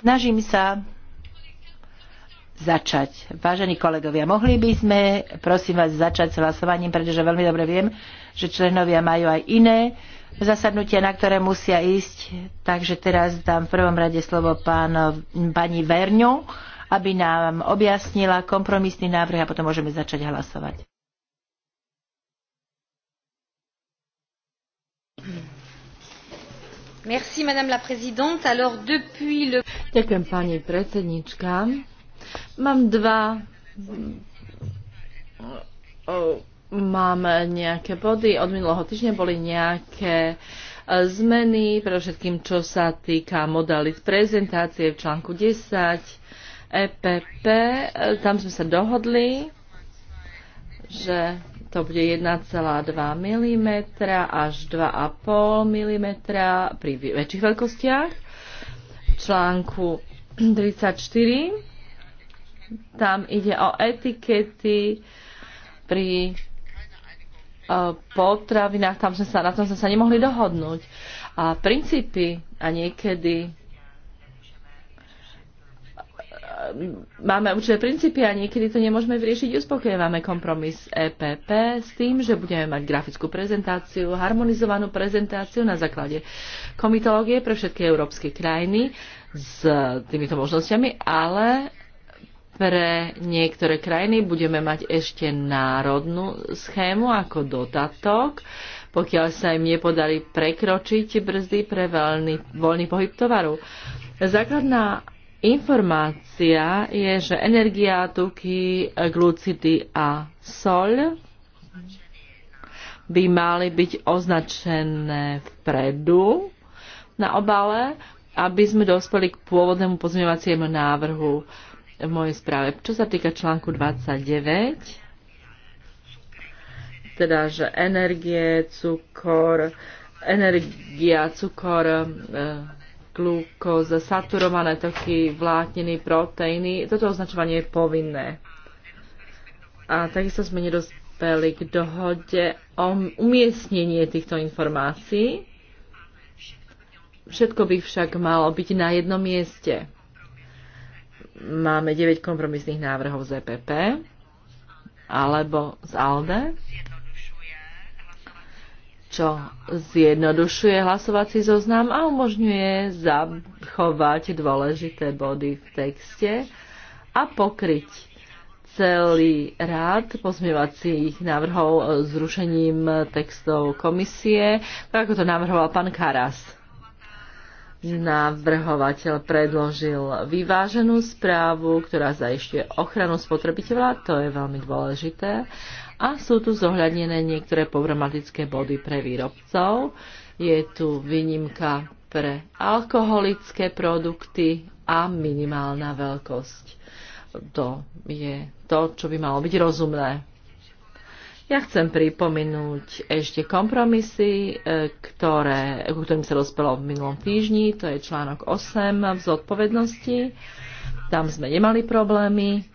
Snažím sa začať. Vážení kolegovia, mohli by sme, prosím vás, začať s hlasovaním, pretože veľmi dobre viem, že členovia majú aj iné zasadnutia, na ktoré musia ísť. Takže teraz dám v prvom rade slovo pán, pani Verňu, aby nám objasnila kompromisný návrh a potom môžeme začať hlasovať. Ďakujem, pani predsednička. Mám dva... Mám nejaké body. Od minulého týždňa boli nejaké e, zmeny, pre všetkým, čo sa týka modalit prezentácie v článku 10 EPP. E, tam sme sa dohodli, že to bude 1,2 mm až 2,5 mm pri väčších veľkostiach. V článku 34 tam ide o etikety pri e, potravinách, tam sme sa, na tom sme sa nemohli dohodnúť. A princípy a niekedy máme určité princípy a niekedy to nemôžeme vyriešiť uspokojivo. Máme kompromis EPP s tým, že budeme mať grafickú prezentáciu, harmonizovanú prezentáciu na základe komitológie pre všetky európske krajiny s týmito možnosťami, ale pre niektoré krajiny budeme mať ešte národnú schému ako dotatok, pokiaľ sa im nepodarí prekročiť brzdy pre voľný, voľný pohyb tovaru. Základná informácia je, že energia, tuky, glucidy a sol by mali byť označené vpredu na obale, aby sme dospeli k pôvodnému pozmeňovaciemu návrhu v mojej správe. Čo sa týka článku 29, teda, že energie, cukor, energia, cukor, e glukóza, saturované toky, vlákniny, proteíny. Toto označovanie je povinné. A takisto sme nedospeli k dohode o umiestnenie týchto informácií. Všetko by však malo byť na jednom mieste. Máme 9 kompromisných návrhov z EPP alebo z ALDE čo zjednodušuje hlasovací zoznam a umožňuje zachovať dôležité body v texte a pokryť celý rád pozmievacích návrhov zrušením textov komisie, tak ako to navrhoval pán Karas. Navrhovateľ predložil vyváženú správu, ktorá zaišťuje ochranu spotrebiteľa, to je veľmi dôležité, a sú tu zohľadnené niektoré problematické body pre výrobcov. Je tu výnimka pre alkoholické produkty a minimálna veľkosť. To je to, čo by malo byť rozumné. Ja chcem pripomenúť ešte kompromisy, e, ktoré, ku ktorým sa rozpelo v minulom týždni. To je článok 8 v zodpovednosti. Tam sme nemali problémy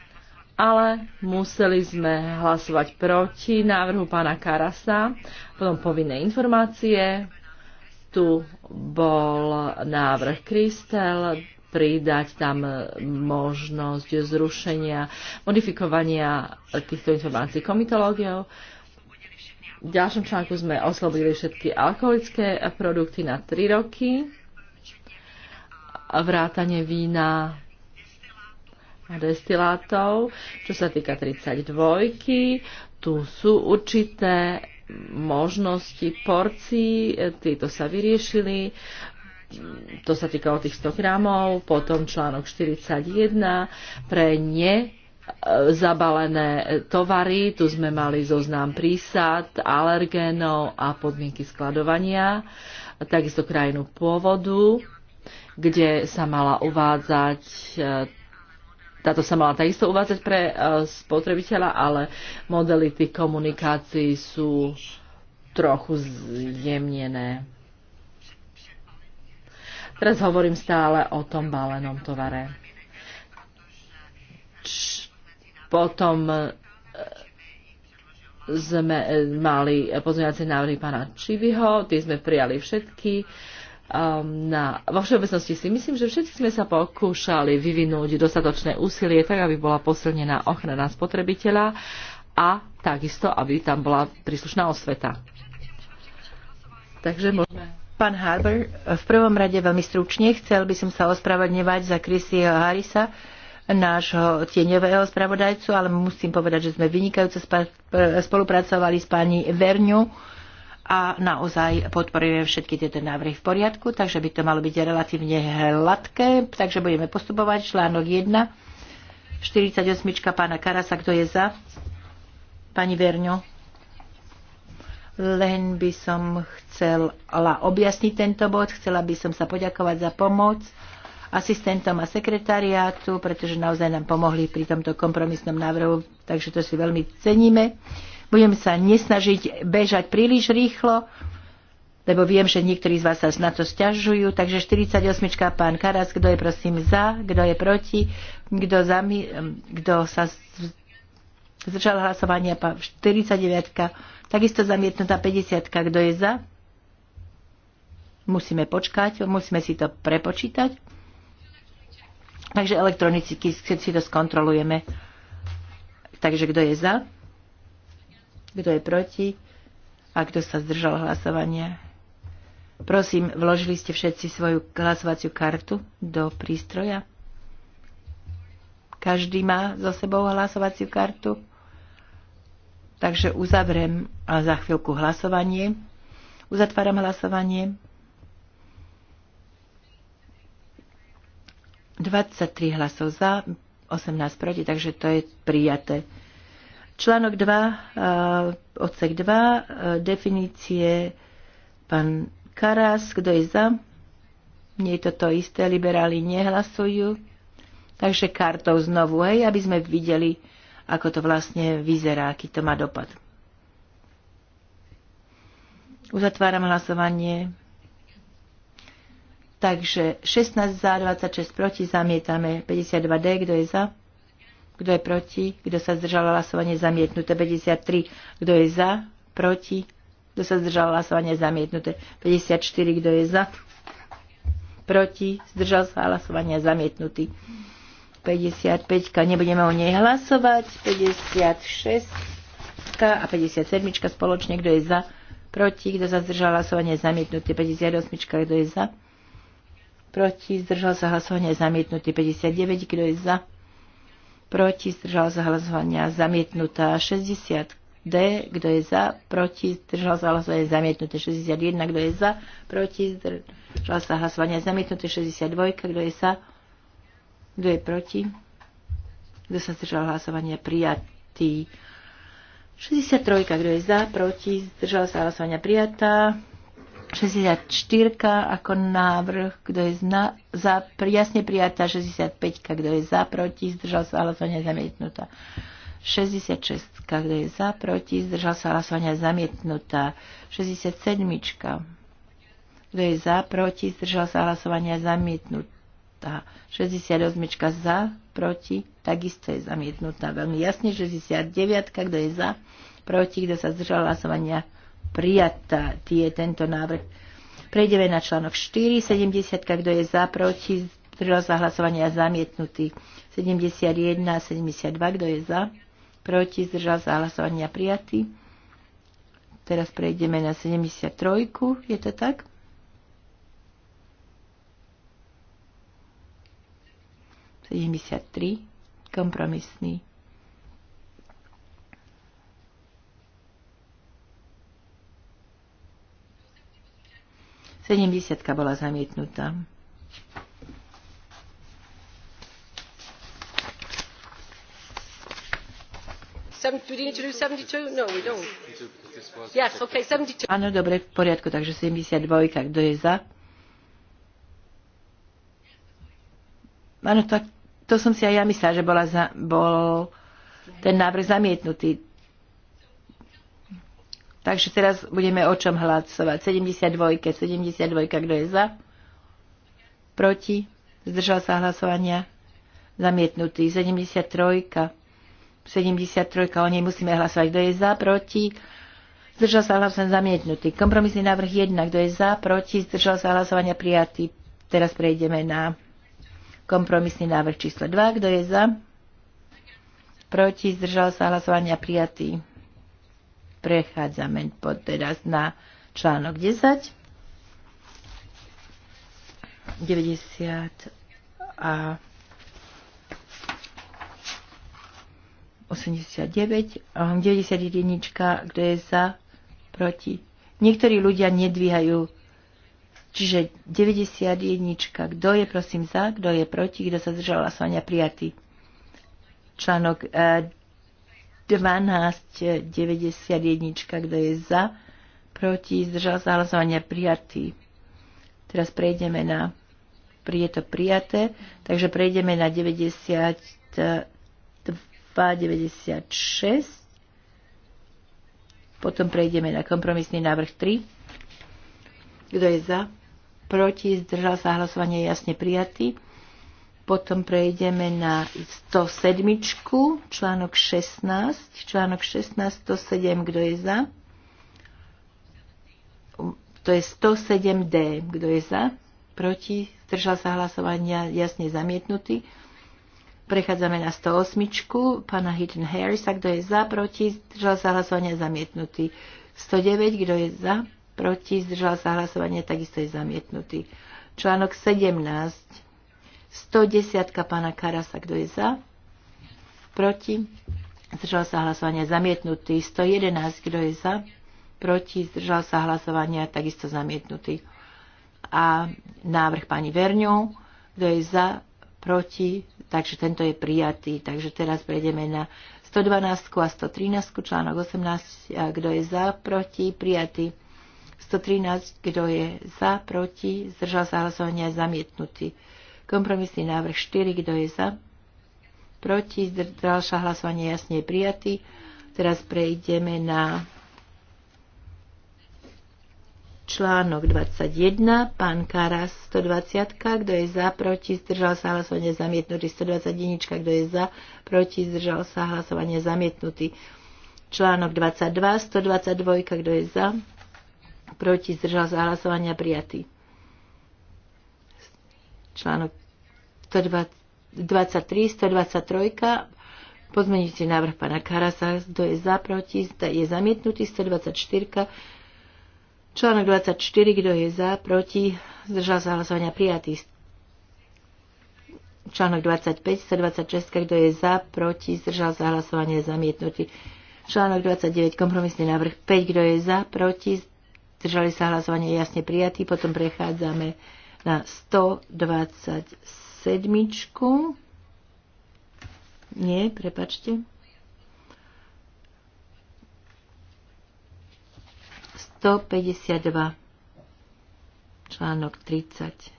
ale museli sme hlasovať proti návrhu pána Karasa, potom povinné informácie, tu bol návrh Kristel, pridať tam možnosť zrušenia, modifikovania týchto informácií komitológiou. V ďalšom článku sme oslobodili všetky alkoholické produkty na 3 roky, vrátanie vína destilátov. Čo sa týka 32, tu sú určité možnosti porcií, tieto sa vyriešili, to sa týkalo tých 100 gramov, potom článok 41 pre ne e, zabalené tovary, tu sme mali zoznam prísad, alergénov a podmienky skladovania, takisto krajinu pôvodu, kde sa mala uvádzať e, táto sa mala takisto uvádzať pre e, spotrebiteľa, ale modely tých komunikácií sú trochu zjemnené. Teraz hovorím stále o tom balenom tovare. Č- potom e, sme e, mali pozmeňovacie návrhy pána Čiviho, tie sme prijali všetky. Uh, Um, na, vo všeobecnosti si myslím, že všetci sme sa pokúšali vyvinúť dostatočné úsilie, tak aby bola posilnená ochrana spotrebiteľa a takisto, aby tam bola príslušná osveta. Takže môžeme... Pán Harber, v prvom rade veľmi stručne chcel by som sa ospravedlňovať za Chrisieho Harisa, nášho tieňového spravodajcu, ale musím povedať, že sme vynikajúco spolupracovali s pani Verňu a naozaj podporujeme všetky tieto návrhy v poriadku, takže by to malo byť relatívne hladké, takže budeme postupovať článok 1, 48 pána Karasa, kto je za? Pani Verňo. Len by som chcela objasniť tento bod, chcela by som sa poďakovať za pomoc asistentom a sekretariátu, pretože naozaj nám pomohli pri tomto kompromisnom návrhu, takže to si veľmi ceníme. Budem sa nesnažiť bežať príliš rýchlo, lebo viem, že niektorí z vás sa na to stiažujú. Takže 48. pán Karas, kto je prosím za, kto je proti, kto, zami, kto sa zdržal hlasovania, 49. Takisto zamietnutá 50. Kto je za? Musíme počkať, musíme si to prepočítať. Takže elektronicky si to skontrolujeme. Takže kto je za? Kto je proti? A kto sa zdržal hlasovania? Prosím, vložili ste všetci svoju hlasovaciu kartu do prístroja? Každý má so sebou hlasovaciu kartu? Takže uzavriem za chvíľku hlasovanie. Uzatváram hlasovanie. 23 hlasov za, 18 proti, takže to je prijaté. Článok 2, eh, odsek 2, eh, definície pán Karas, kto je za? Nie je to to isté, liberáli nehlasujú. Takže kartou znovu, hej, aby sme videli, ako to vlastne vyzerá, aký to má dopad. Uzatváram hlasovanie. Takže 16 za, 26 proti, zamietame 52D, kto je za? Kto je proti? Kto sa zdržal hlasovanie zamietnuté? 53. Kto je za? Proti? Kto sa zdržal hlasovanie zamietnuté? 54. Kto je za? Proti? Zdržal sa hlasovanie zamietnutý. 55. Nebudeme o nej hlasovať. 56. a 57. spoločne. Kto je za? Proti? Kto sa zdržal hlasovanie zamietnuté? 58. Kto je za? Proti? Zdržal sa hlasovanie zamietnuté. 59. Kto je za? proti, zdržal sa hlasovania zamietnutá 60 D, kto je za, proti, zdržal sa hlasovania zamietnuté 61, kto je za, proti, zdržal sa hlasovania zamietnuté 62, kto je za, kto je proti, kto sa zdržal hlasovania prijatý 63, kto je za, proti, zdržal sa hlasovania prijatá 64 ako návrh, kto je zna, za, jasne prijatá, 65 kto je za, proti, zdržal sa hlasovania zamietnutá. 66 kto je za, proti, zdržal sa hlasovania zamietnutá. 67 kto je za, proti, zdržal sa hlasovania zamietnutá. 68 za, proti, takisto je zamietnutá. Veľmi jasne, 69 kto je za, proti, kto sa zdržal hlasovania zamietnutá prijatá tie, tento návrh. Prejdeme na článok 4, 70, kto je za, proti, príraz a zamietnutý. 71 72, kto je za, proti, zdržal sa hlasovania prijatý. Teraz prejdeme na 73, je to tak? Sedemdesiat tri, kompromisný. 70 bola zamietnutá. No, Áno, dobre, v poriadku, takže 72, kto je za? Áno, tak to som si aj ja myslela, že bola za, bol ten návrh zamietnutý. Takže teraz budeme o čom hlasovať. 72, 72, kto je za? Proti? Zdržal sa hlasovania? Zamietnutý. 73, 73, o nej musíme hlasovať. Kto je za? Proti? Zdržal sa hlasovania zamietnutý. Kompromisný návrh 1. Kto je za, proti, zdržal sa hlasovania prijatý. Teraz prejdeme na kompromisný návrh číslo 2. Kto je za? Proti, zdržal sa hlasovania prijatý. Prechádzame pod teraz na článok 10. 90 a 89, jedinička, kto je za, proti. Niektorí ľudia nedvíhajú. Čiže 90 jednička, kto je prosím za, kto je proti, kto sa zdržal hlasovania prijatý. Článok eh, 1291, kto je za, proti, zdržal sa hlasovania prijatý. Teraz prejdeme na, je to prijaté, takže prejdeme na 92, 96, potom prejdeme na kompromisný návrh 3. Kto je za? Proti? Zdržal sa hlasovanie jasne prijatý. Potom prejdeme na 107, článok 16. Článok 16, 107, kto je za? To je 107D, kto je za? Proti? Zdržal sa hlasovania jasne zamietnutý. Prechádzame na 108, pána Hidden Harrisa, kto je za, proti, zdržal sa hlasovania zamietnutý. 109, kto je za, proti, zdržal sa hlasovanie, takisto je zamietnutý. Článok 17, 110 pána Karasa, kto je za? Proti? Zdržal sa hlasovania zamietnutý. 111, kto je za? Proti? Zdržal sa hlasovania takisto zamietnutý. A návrh pani Verňu, kto je za? Proti? Takže tento je prijatý. Takže teraz prejdeme na 112 a 113, článok 18, kto je za, proti, prijatý. 113, kto je za, proti, zdržal sa hlasovania, zamietnutý. Kompromisný návrh 4, kto je za? Proti, zdržal sa hlasovanie jasne je prijatý. Teraz prejdeme na článok 21, pán Karas 120, kto je za, proti, zdržal sa hlasovanie zamietnutý, 121, kto je za, proti, zdržal sa hlasovanie zamietnutý. Článok 22, 122, kto je za, proti, zdržal sa hlasovania prijatý článok 123, 123, pozmeníte návrh pána Karasa, kto je za, proti, je zamietnutý, 124, článok 24, kto je za, proti, zdržal sa hlasovania prijatý, článok 25, 126, kto je za, proti, zdržal sa hlasovania zamietnutý, článok 29, kompromisný návrh 5, kto je za, proti, zdržali sa hlasovanie jasne prijatý, potom prechádzame na 127. Nie, prepačte. 152. Článok 30.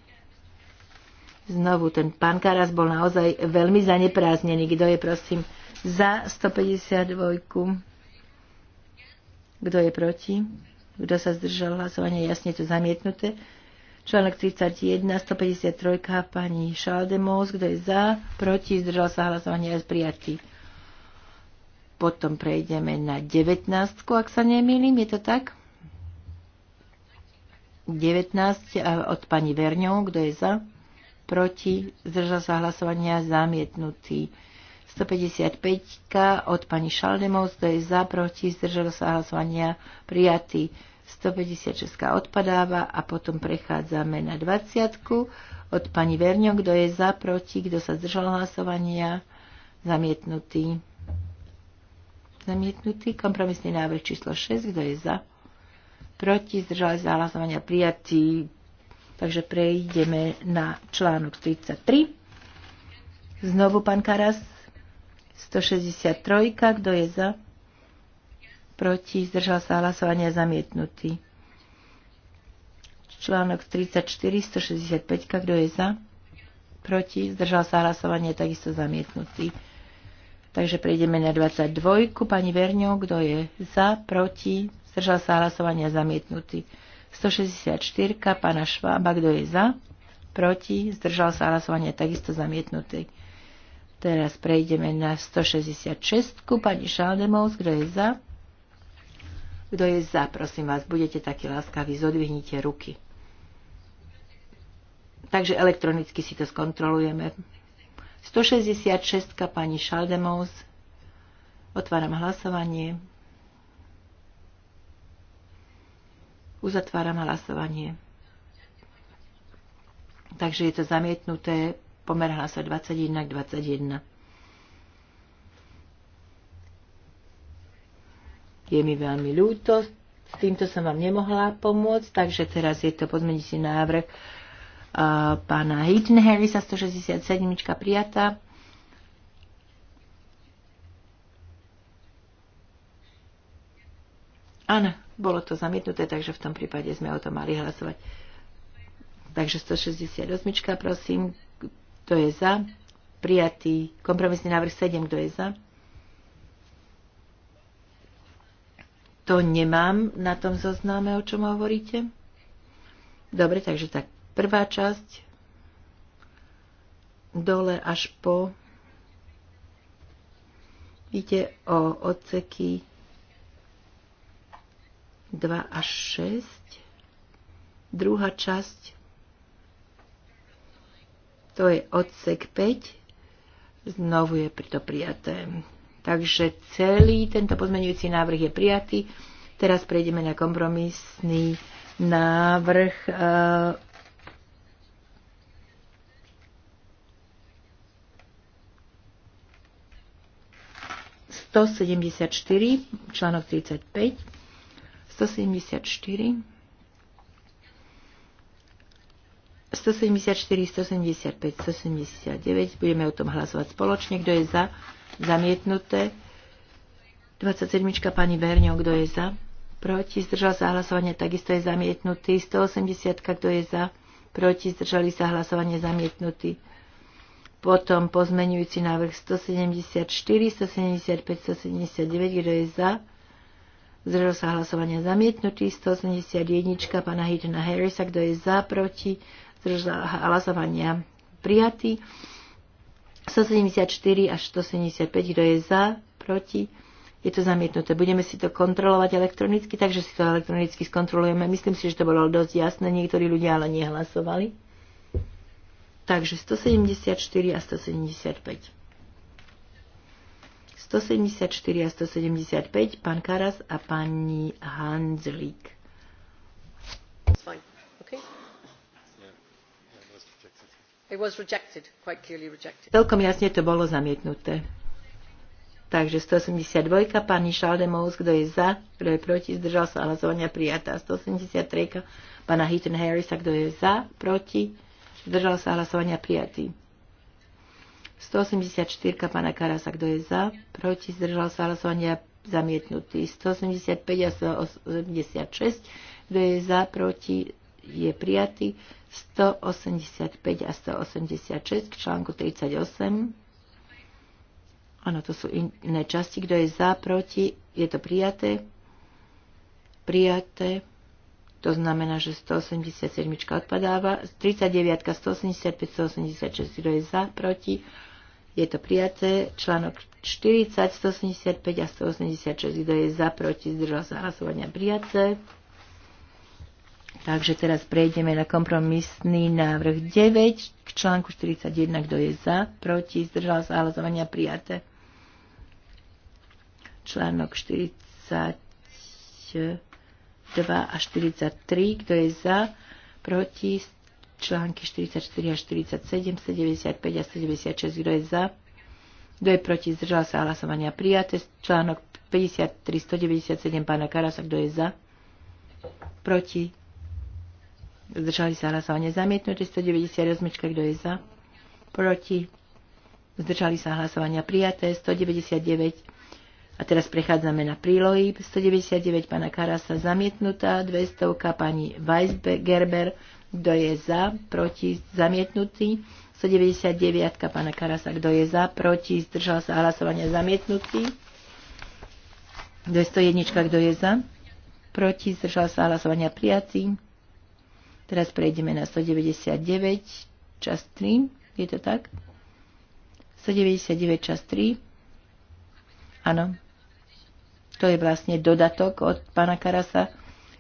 Znovu, ten pán Karas bol naozaj veľmi zanepráznený. Kto je, prosím, za 152? Kto je proti? Kto sa zdržal hlasovania? Jasne to zamietnuté. Článok 31, 153, pani Šaldemos, kto je za, proti, zdržal sa hlasovanie aj prijatý. Potom prejdeme na 19, ak sa nemýlim, je to tak? 19 od pani Verňov, kto je za, proti, zdržal sa hlasovania zamietnutý. 155 od pani Šaldemos, kto je za, proti, zdržal sa hlasovania prijatý. 156 odpadáva a potom prechádzame na 20 od pani Verňo, kto je za, proti, kto sa zdržal hlasovania, zamietnutý. Zamietnutý kompromisný návrh číslo 6, kto je za, proti, zdržal sa hlasovania, prijatý. Takže prejdeme na článok 33. Znovu pán Karas, 163, kto je za? proti, zdržal sa hlasovania zamietnutý. Článok 34, 165, kto je za, proti, zdržal sa hlasovanie takisto zamietnutý. Takže prejdeme na 22. Pani Verňo, kto je za, proti, zdržal sa hlasovania zamietnutý. 164. Pana Švába, kto je za, proti, zdržal sa hlasovania takisto zamietnutý. Teraz prejdeme na 166. Pani Šaldemovs, kto je za, kto je za, prosím vás, budete takí láskaví, zodvihnite ruky. Takže elektronicky si to skontrolujeme. 166 pani Šaldemous. Otváram hlasovanie. Uzatváram hlasovanie. Takže je to zamietnuté pomer hlasa 21 k 21. Je mi veľmi ľúto, s týmto som vám nemohla pomôcť, takže teraz je to podmenitý návrh uh, pána Harry Harrisa 167 prijatá. Áno, bolo to zamietnuté, takže v tom prípade sme o tom mali hlasovať. Takže 168, prosím, kto je za? Prijatý kompromisný návrh 7, kto je za? To nemám na tom zozname, o čom hovoríte. Dobre, takže tak prvá časť dole až po ide o odseky 2 až 6. Druhá časť to je odsek 5. Znovu je pri to prijaté. Takže celý tento pozmeňujúci návrh je prijatý. Teraz prejdeme na kompromisný návrh. ...174, eh, článok 35, 174, 174, 175, 179, budeme o tom hlasovať spoločne, kto je za zamietnuté. 27. pani Berňo, kto je za? Proti, zdržal sa hlasovanie, takisto je zamietnutý. 180. kto je za? Proti, zdržali sa hlasovanie, zamietnutý. Potom pozmenujúci návrh 174, 175, 179, kto je za? Zdržal sa hlasovanie zamietnutý. 181. pana Hidna Harrisa, kto je za, proti. Zdržal hlasovania prijatý. 174 až 175, kto je za, proti, je to zamietnuté. Budeme si to kontrolovať elektronicky, takže si to elektronicky skontrolujeme. Myslím si, že to bolo dosť jasné, niektorí ľudia ale nehlasovali. Takže 174 a 175. 174 a 175, pán Karas a pani Hanzlík. Rejected, Celkom jasne to bolo zamietnuté. Takže 182, pani Šaldemous, kto je za, kto je proti, zdržal sa hlasovania prijatá. 183, pana Heaton Harrisa, kto je za, proti, zdržal sa hlasovania prijatý. 184, pana Karasa, kto je za, proti, zdržal sa hlasovania zamietnutý. 185 a 186, kto je za, proti, je prijatý 185 a 186 k článku 38. Áno, to sú iné časti. Kto je za, proti, je to prijaté. Prijaté. To znamená, že 187 odpadáva. 39, 185, 186. Kto je za, proti, je to prijaté. Článok 40, 185 a 186. Kto je za, proti, zdržal sa hlasovania prijaté. Takže teraz prejdeme na kompromisný návrh 9 k článku 41, kto je za, proti, zdržal sa hlasovania prijaté. Článok 42 a 43, kto je za, proti, články 44 a 47, 75 a 76, kto je za, kto je proti, zdržal sa hlasovania prijaté. Článok 53, 197 pána Karasa, kto je za, proti, Zdržali sa hlasovanie zamietnuté. 198. Kto je za? Proti. Zdržali sa hlasovania prijaté. 199. A teraz prechádzame na prílohy. 199 pána Karasa zamietnutá, 200 pani Weisgerber, kto je za, proti, zamietnutý. 199 pána Karasa, kto je za, proti, zdržal sa hlasovania zamietnutý. 201, kto je za, proti, zdržal sa hlasovania prijatý. Teraz prejdeme na 199, čas 3. Je to tak? 199, čas 3. Áno. To je vlastne dodatok od pána Karasa.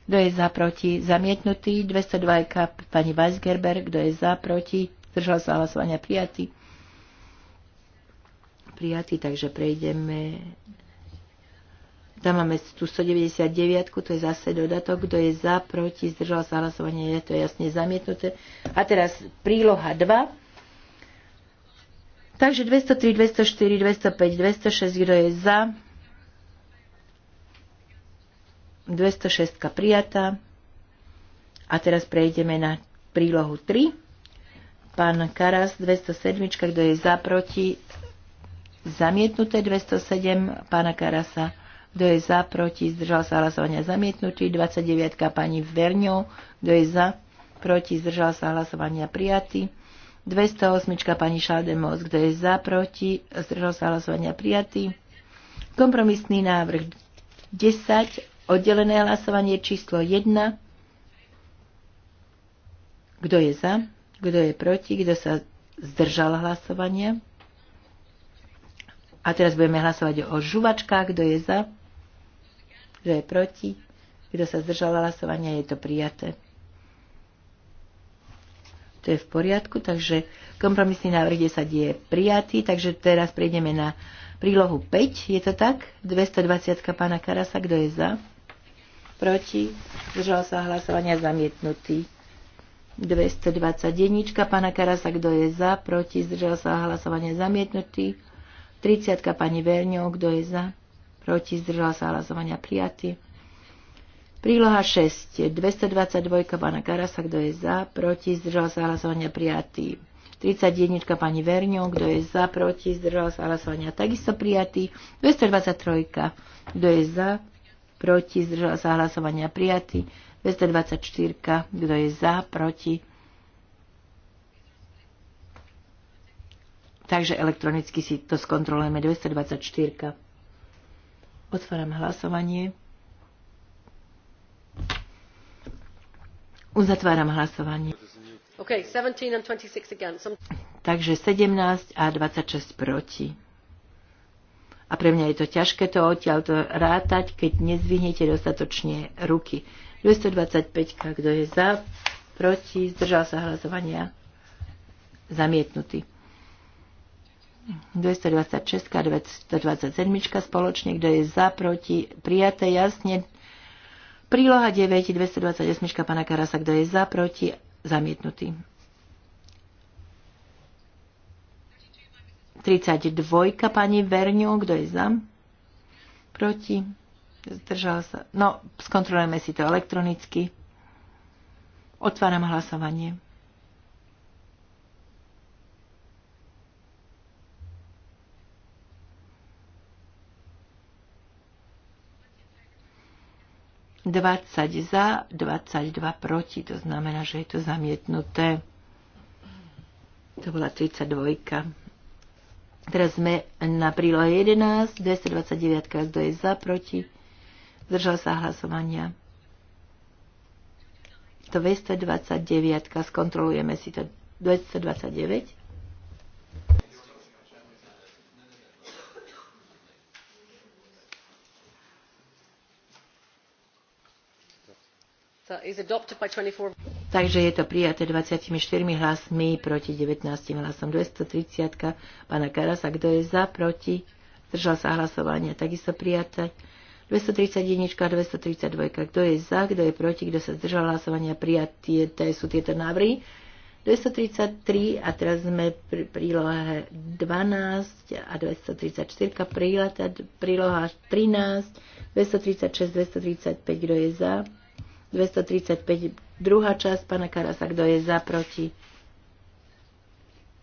Kto je za proti? Zamietnutý. 202, pani Weisgerber. Kto je za proti? Zdržal sa hlasovania prijatý. Prijatý, takže prejdeme tam máme tu 199, to je zase dodatok, kto je za, proti, zdržal sa hlasovanie, je to jasne zamietnuté. A teraz príloha 2. Takže 203, 204, 205, 206, kto je za? 206 prijatá. A teraz prejdeme na prílohu 3. Pán Karas, 207, kto je za, proti, zamietnuté 207 pána Karasa kto je za, proti, zdržal sa hlasovania zamietnutý, 29 pani Verňo, kto je za, proti, zdržal sa hlasovania prijatý, 208 pani Šaldemos, kto je za, proti, zdržal sa hlasovania prijatý, kompromisný návrh 10, oddelené hlasovanie číslo 1, kto je za, kto je proti, kto sa zdržal hlasovania. A teraz budeme hlasovať o žuvačkách, kto je za, kto je proti? Kto sa zdržal hlasovania? Je to prijaté. To je v poriadku, takže kompromisný návrh 10 je prijatý, takže teraz prejdeme na prílohu 5, je to tak? 220 pána Karasa, kto je za? Proti? Zdržal sa hlasovania zamietnutý. 220 jednička pána Karasa, kto je za? Proti? Zdržal sa hlasovania zamietnutý. 30 pani Verňov, kto je za? proti, zdržal sa hlasovania prijatý. Príloha 6, 222 pána Karasa, kto je za, proti, zdržal sa hlasovania prijatý. 31 pani Verňo, kto je za, proti, zdržal sa hlasovania takisto prijatý. 223, kto je za, proti, zdržal sa hlasovania prijatý. 224, kto je za, proti. Takže elektronicky si to skontrolujeme. 224. Otváram hlasovanie. Uzatváram hlasovanie. Okay, 17 and 26 again. Some... Takže 17 a 26 proti. A pre mňa je to ťažké to odtiaľ to rátať, keď nezvihnete dostatočne ruky. 225, kto je za, proti, zdržal sa hlasovania, zamietnutý. 226 a 227 spoločne, kto je za, proti, prijaté jasne. Príloha 9, 228 pana Karasa, kto je za, proti, zamietnutý. 32 pani Verňu, kto je za, proti, zdržal sa. No, skontrolujeme si to elektronicky. Otváram hlasovanie. 20 za, 22 proti, to znamená, že je to zamietnuté. To bola 32. Teraz sme na prílohe 11, 229, kto je za, proti, zdržal sa hlasovania. 229, skontrolujeme si to. 229. Uh, Takže je to prijaté 24 hlasmi proti 19 hlasom. 230 pána Karasa, kto je za, proti, zdržal sa hlasovania, takisto prijaté. 231, 232, kto je za, kto je proti, kto sa zdržal hlasovania, prijaté sú tieto návrhy. 233 a teraz sme pri prílohe 12 a 234, príloha 13, 236, 235, kto je za, 235, druhá časť pána Karasa, kto je za, proti.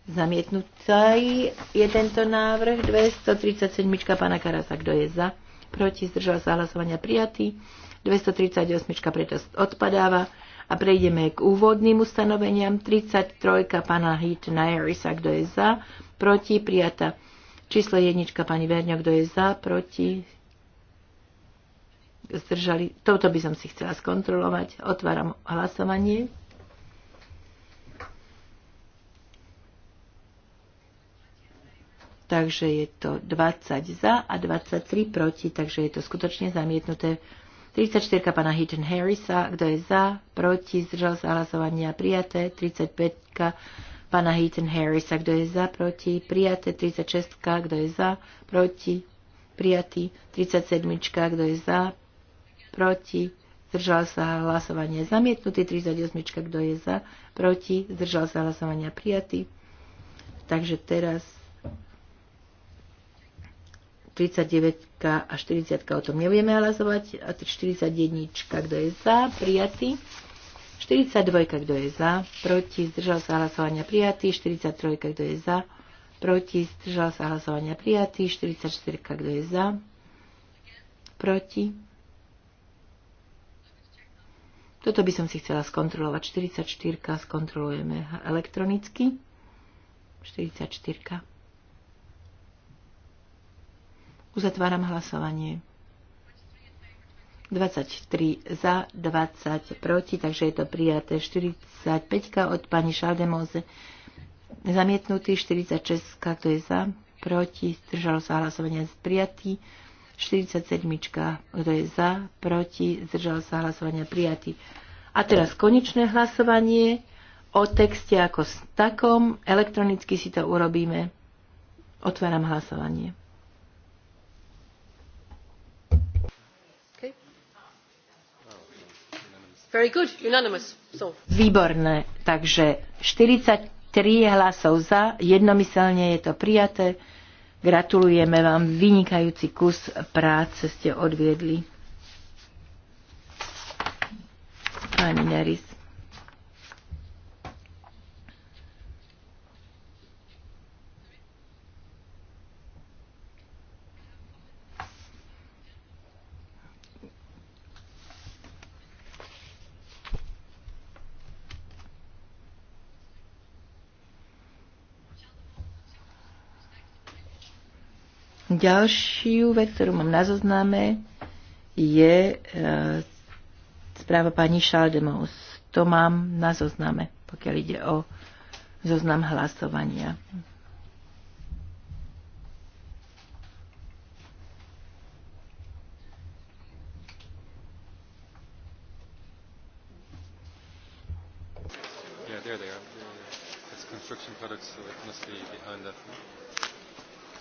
Zamietnutý je tento návrh. 237. pána Karasa, kto je za, proti, zdržal sa hlasovania prijatý. 238. preto odpadáva. A prejdeme k úvodným ustanoveniam. 33. pána Hit Nairisa, kto je za, proti, prijata. Číslo 1. pani Verňo, kto je za, proti, zdržali. Toto by som si chcela skontrolovať. Otváram hlasovanie. Takže je to 20 za a 23 proti, takže je to skutočne zamietnuté. 34 pána Hitton Harrisa, kto je za, proti, zdržal sa hlasovania, prijaté. 35 pána Hitton Harrisa, kto je za, proti, prijaté. 36 kto je za, proti, prijatý. 37 kto je za, proti, zdržal sa hlasovanie zamietnutý, 38, kto je za, proti, zdržal sa hlasovania prijatý. Takže teraz 39 a 40 o tom nebudeme hlasovať, a 41, kto je za, prijatý. 42, kto je za, proti, zdržal sa hlasovania prijatý, 43, kto je za, proti, zdržal sa hlasovania prijatý, 44, kto je za, proti, toto by som si chcela skontrolovať. 44 skontrolujeme elektronicky. 44. Uzatváram hlasovanie. 23 za, 20 proti, takže je to prijaté 45 od pani Šaldemoze. Zamietnutý 46, to je za, proti, zdržalo sa hlasovanie prijatý. 47. Kto je za, proti, zdržal sa hlasovania prijatý. A teraz konečné hlasovanie o texte ako s takom. Elektronicky si to urobíme. Otváram hlasovanie. Very good, unanimous. So. Výborné. Takže 43 hlasov za, jednomyselne je to prijaté. Gratulujeme vám, vynikajúci kus práce ste odviedli. Pani Neris. Ďalšiu vec, ktorú mám na zozname, je e, správa pani Šaldemous. To mám na zozname, pokiaľ ide o zoznam hlasovania. Yeah, there they are. It's construction products, so it must be behind that.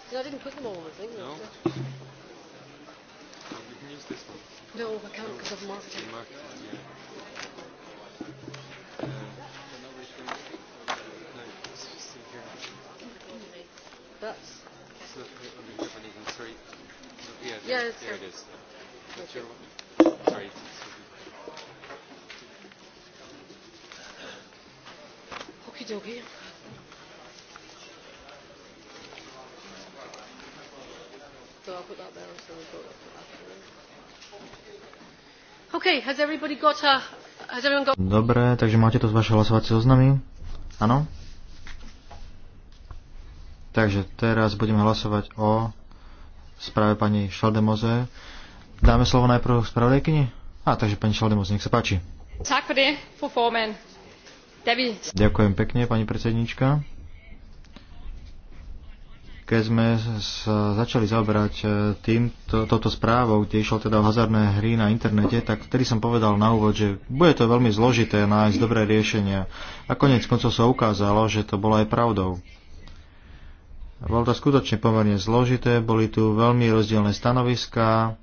Because no, I didn't put them all on the thing. No. I? No, can use this one. No, I can't because no. I've marked it. Marked yeah. see here. not, okay. dokie. So I'll put that there that. Okay, has everybody got a... Has everyone got... Dobre, takže máte to z vaše hlasovacie oznamy? Áno? Takže teraz budeme hlasovať o správe pani Šaldemoze. Dáme slovo najprv spravodajkyni? A, takže pani Šaldemoze, nech sa páči. Tak for det, fru Ďakujem pekne, pani predsednička keď sme sa začali zaoberať e, týmto, touto správou, kde išlo teda o hazardné hry na internete, tak vtedy som povedal na úvod, že bude to veľmi zložité nájsť dobré riešenia. A konec koncov sa ukázalo, že to bolo aj pravdou. Bolo to skutočne pomerne zložité, boli tu veľmi rozdielne stanoviská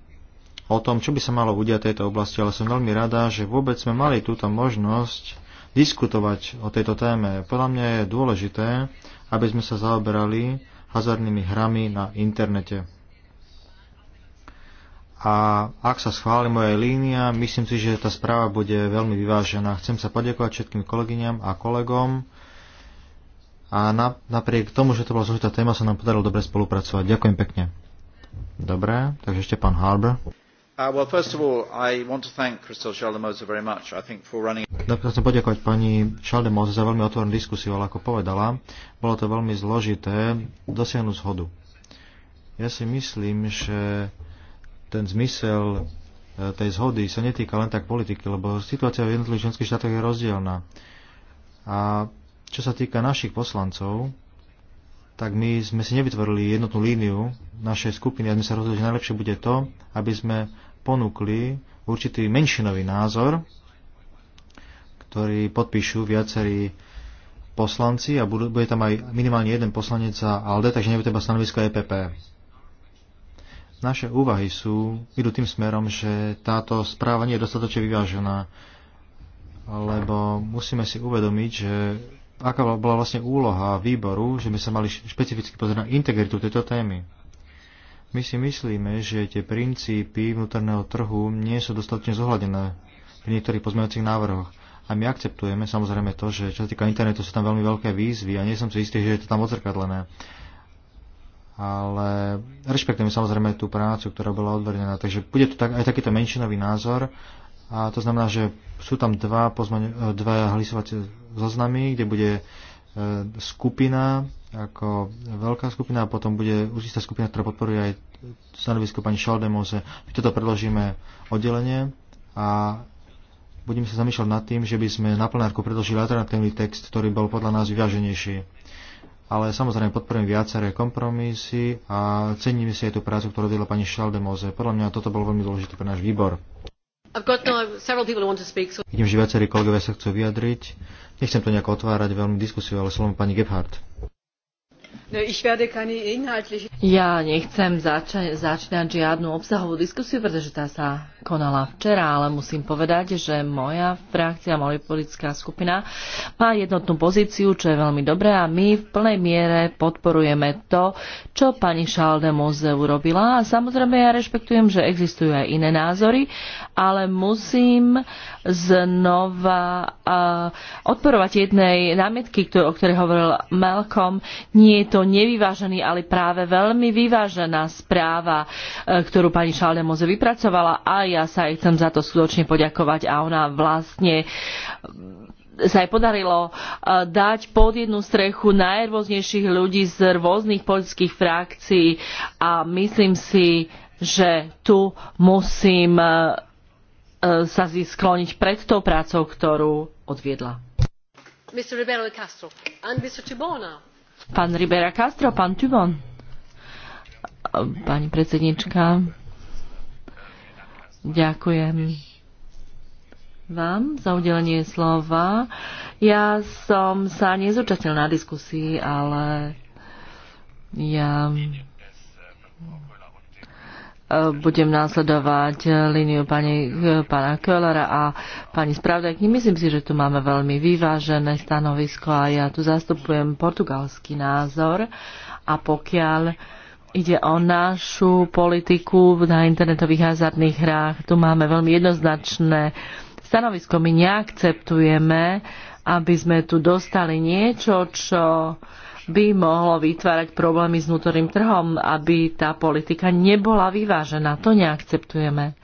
o tom, čo by sa malo udiať v tejto oblasti, ale som veľmi rada, že vôbec sme mali túto možnosť diskutovať o tejto téme. Podľa mňa je dôležité, aby sme sa zaoberali hazardnými hrami na internete. A ak sa schváli moja línia, myslím si, že tá správa bude veľmi vyvážená. Chcem sa poďakovať všetkým kolegyňam a kolegom. A napriek tomu, že to bola zložitá téma, sa nám podarilo dobre spolupracovať. Ďakujem pekne. Dobre, takže ešte pán Harbour. Uh, well, first Chcem poďakovať pani Schaldemose za veľmi otvorenú diskusiu, ale ako povedala, bolo to veľmi zložité dosiahnuť zhodu. Ja si myslím, že ten zmysel e, tej zhody sa netýka len tak politiky, lebo situácia v jednotlivých členských štátoch je rozdielna. A čo sa týka našich poslancov, tak my sme si nevytvorili jednotnú líniu našej skupiny a sme sa rozhodli, že najlepšie bude to, aby sme ponúkli určitý menšinový názor, ktorý podpíšu viacerí poslanci a bude tam aj minimálne jeden poslanec za ALDE, takže nebude iba stanovisko EPP. Naše úvahy sú, idú tým smerom, že táto správa nie je dostatočne vyvážená, lebo musíme si uvedomiť, že aká bola vlastne úloha výboru, že by sa mali špecificky pozrieť na integritu tejto témy. My si myslíme, že tie princípy vnútorného trhu nie sú dostatočne zohľadené pri niektorých pozmeňujúcich návrhoch. A my akceptujeme samozrejme to, že čo sa týka internetu sú tam veľmi veľké výzvy a nie som si istý, že je to tam odzrkadlené. Ale rešpektujeme samozrejme tú prácu, ktorá bola odvedená. Takže bude tu tak, aj takýto menšinový názor. A to znamená, že sú tam dva, pozmaň, e, dva hlasovacie zoznamy, kde bude e, skupina ako veľká skupina a potom bude už istá skupina, ktorá podporuje aj stanovisko pani Šaldemose. My toto predložíme oddelenie a budeme sa zamýšľať nad tým, že by sme na plenárku predložili alternatívny text, ktorý bol podľa nás vyváženejší. Ale samozrejme podporujem viaceré kompromisy a cením si aj tú prácu, ktorú robila pani Šaldemose. Podľa mňa toto bolo veľmi dôležité pre náš výbor. No, Vidím, že viacerí kolegovia sa chcú vyjadriť. Nechcem to nejako otvárať veľmi diskusiu, ale slovom pani Gebhardt. No, ja nechcem začínať žiadnu obsahovú diskusiu, pretože tá sa konala včera, ale musím povedať, že moja frakcia, moja politická skupina má jednotnú pozíciu, čo je veľmi dobré a my v plnej miere podporujeme to, čo pani Šaldemoze urobila. A samozrejme ja rešpektujem, že existujú aj iné názory, ale musím znova uh, odporovať jednej námietky, o ktorej hovoril Malcolm. Nie je to nevyvážený, ale práve veľmi vyvážená správa, e, ktorú pani Šaldemoze vypracovala a ja sa jej chcem za to skutočne poďakovať a ona vlastne mm, sa aj podarilo e, dať pod jednu strechu najrôznejších ľudí z rôznych politických frakcií a myslím si, že tu musím e, e, sa skloniť pred tou prácou, ktorú odviedla. Pán Ribera Castro, pán Tubon. Pani predsednička, Ďakujem vám za udelenie slova. Ja som sa nezúčastnil na diskusii, ale ja e, budem následovať líniu pani, e, pána Köllera a pani Spravdajky. Myslím si, že tu máme veľmi vyvážené stanovisko a ja tu zastupujem portugalský názor a pokiaľ Ide o našu politiku na internetových hazardných hrách. Tu máme veľmi jednoznačné stanovisko. My neakceptujeme, aby sme tu dostali niečo, čo by mohlo vytvárať problémy s vnútorným trhom, aby tá politika nebola vyvážená. To neakceptujeme.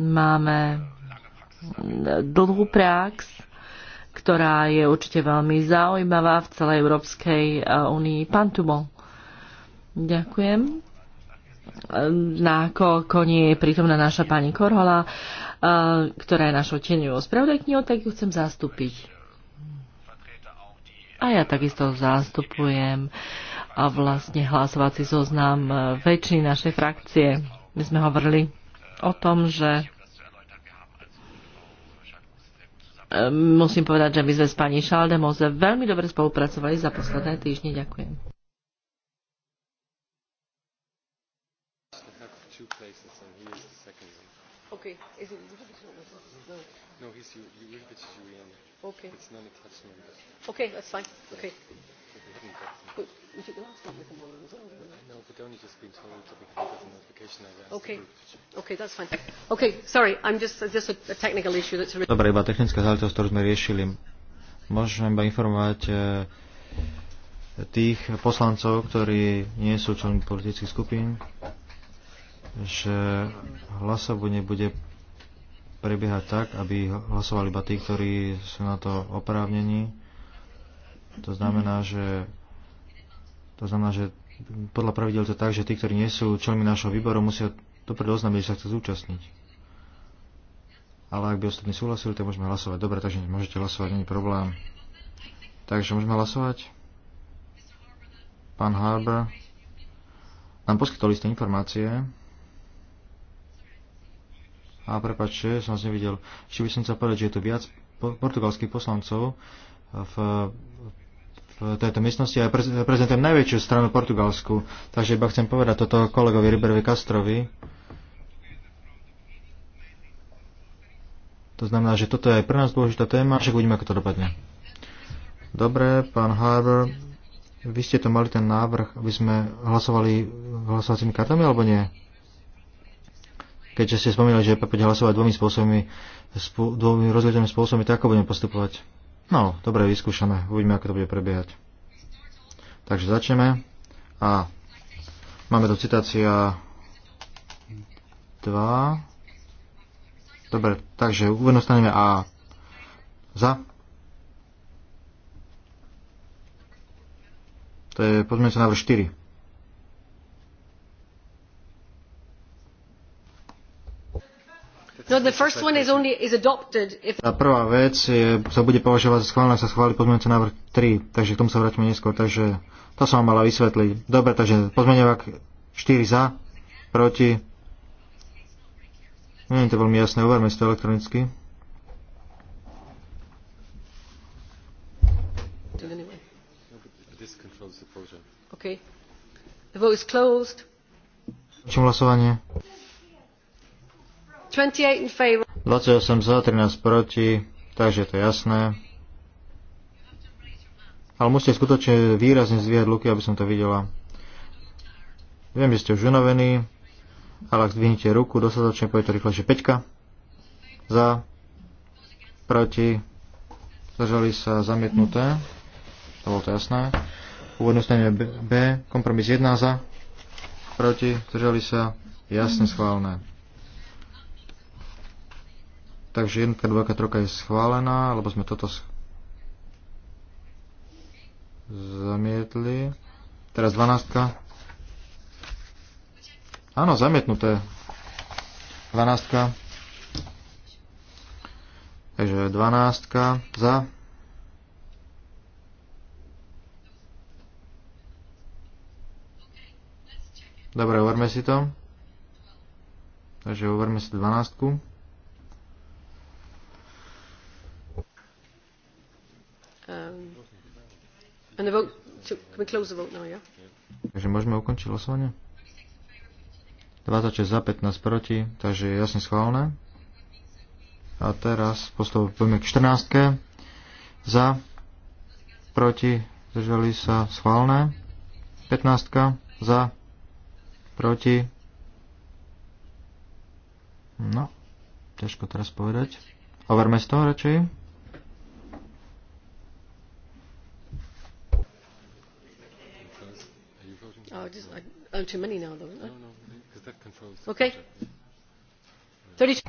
Máme dlhú prax, ktorá je určite veľmi zaujímavá v celej Európskej eh, únii. Pán Tumo. Ďakujem. Na koni je prítomná naša pani Korhola, ktorá je našou tieňovou spravodajkňou, tak ju chcem zastúpiť. A ja takisto zastupujem a vlastne hlasovací zoznam e, väčšiny našej frakcie. My sme hovorili o tom, že e, musím povedať, že my sme s pani Šaldemoze veľmi dobre spolupracovali za posledné týždne. Ďakujem. Okay. It's not Okay, that's fine. Okay. No, but only just been told that we can get notification. I okay. Okay, that's fine. Okay, sorry, I'm just, uh, just a, a technical issue that's... Really... Dobre, iba technická záležitosť, ktorú sme riešili. Môžem iba informovať e, tých poslancov, ktorí nie sú členmi politických skupín, že hlasovanie bude prebiehať tak, aby hlasovali iba tí, ktorí sú na to oprávnení. To znamená, že to znamená, že podľa pravidel to tak, že tí, ktorí nie sú členmi nášho výboru, musia dopredu oznámiť, že sa chcú zúčastniť. Ale ak by ostatní súhlasili, tak môžeme hlasovať. Dobre, takže môžete hlasovať, není problém. Takže môžeme hlasovať. Pán Harber nám poskytol isté informácie. A prepačte, som vás nevidel, Či by som chcel povedať, že je tu viac portugalských poslancov v, v tejto miestnosti a ja prezentujem najväčšiu stranu Portugalsku. Takže iba chcem povedať toto kolegovi Riberovi Castrovi. To znamená, že toto je aj pre nás dôležitá téma, však uvidíme, ako to dopadne. Dobre, pán Harbour, vy ste to mali ten návrh, aby sme hlasovali hlasovacími kartami, alebo nie? keďže ste spomínali, že poďte hlasovať dvomi spôsobmi, spô, dvomi rozdielnými spôsobmi, tak ako budeme postupovať? No, dobre, vyskúšame. Uvidíme, ako to bude prebiehať. Takže začneme. A máme tu citácia 2. Dobre, takže úvodno staneme A. Za. To je pozmeňujúci návrh 4. No, tá prvá vec je, sa bude považovať za schválené, sa schváli pozmeňujúci návrh 3, takže k tomu sa vrátime neskôr, takže to som vám mala vysvetliť. Dobre, takže pozmeňovák 4 za, proti. Nie je to veľmi jasné, overme si to elektronicky. Okay. The vote is closed. Čím hlasovanie? 28 za, 13 proti, takže to je jasné. Ale musíte skutočne výrazne zdvíhať luky, aby som to videla. Viem, že ste už unavení, ale ak zdvihnete ruku dostatočne, pôjde to rýchlejšie. Peťka za, proti, zdržali sa zamietnuté. To bolo to jasné. Úvodné ustanovenie B, kompromis 1 za, proti, Zažali sa jasne schválne. Takže jednotka, dvojka, trojka je schválená, lebo sme toto zamietli. Teraz 12. Áno, zamietnuté. 12. Takže 12. za. Dobre, overme si to. Takže overme si 12. Takže môžeme ukončiť hlasovanie? 26 za, 15 proti, takže jasne schválené. A teraz postupujeme k 14. Za, proti, zdržali sa schválené. 15. Za, proti. No, ťažko teraz povedať. Overme z toho radšej. just, I, I'm too many now, though. No, no, because that controls. Okay.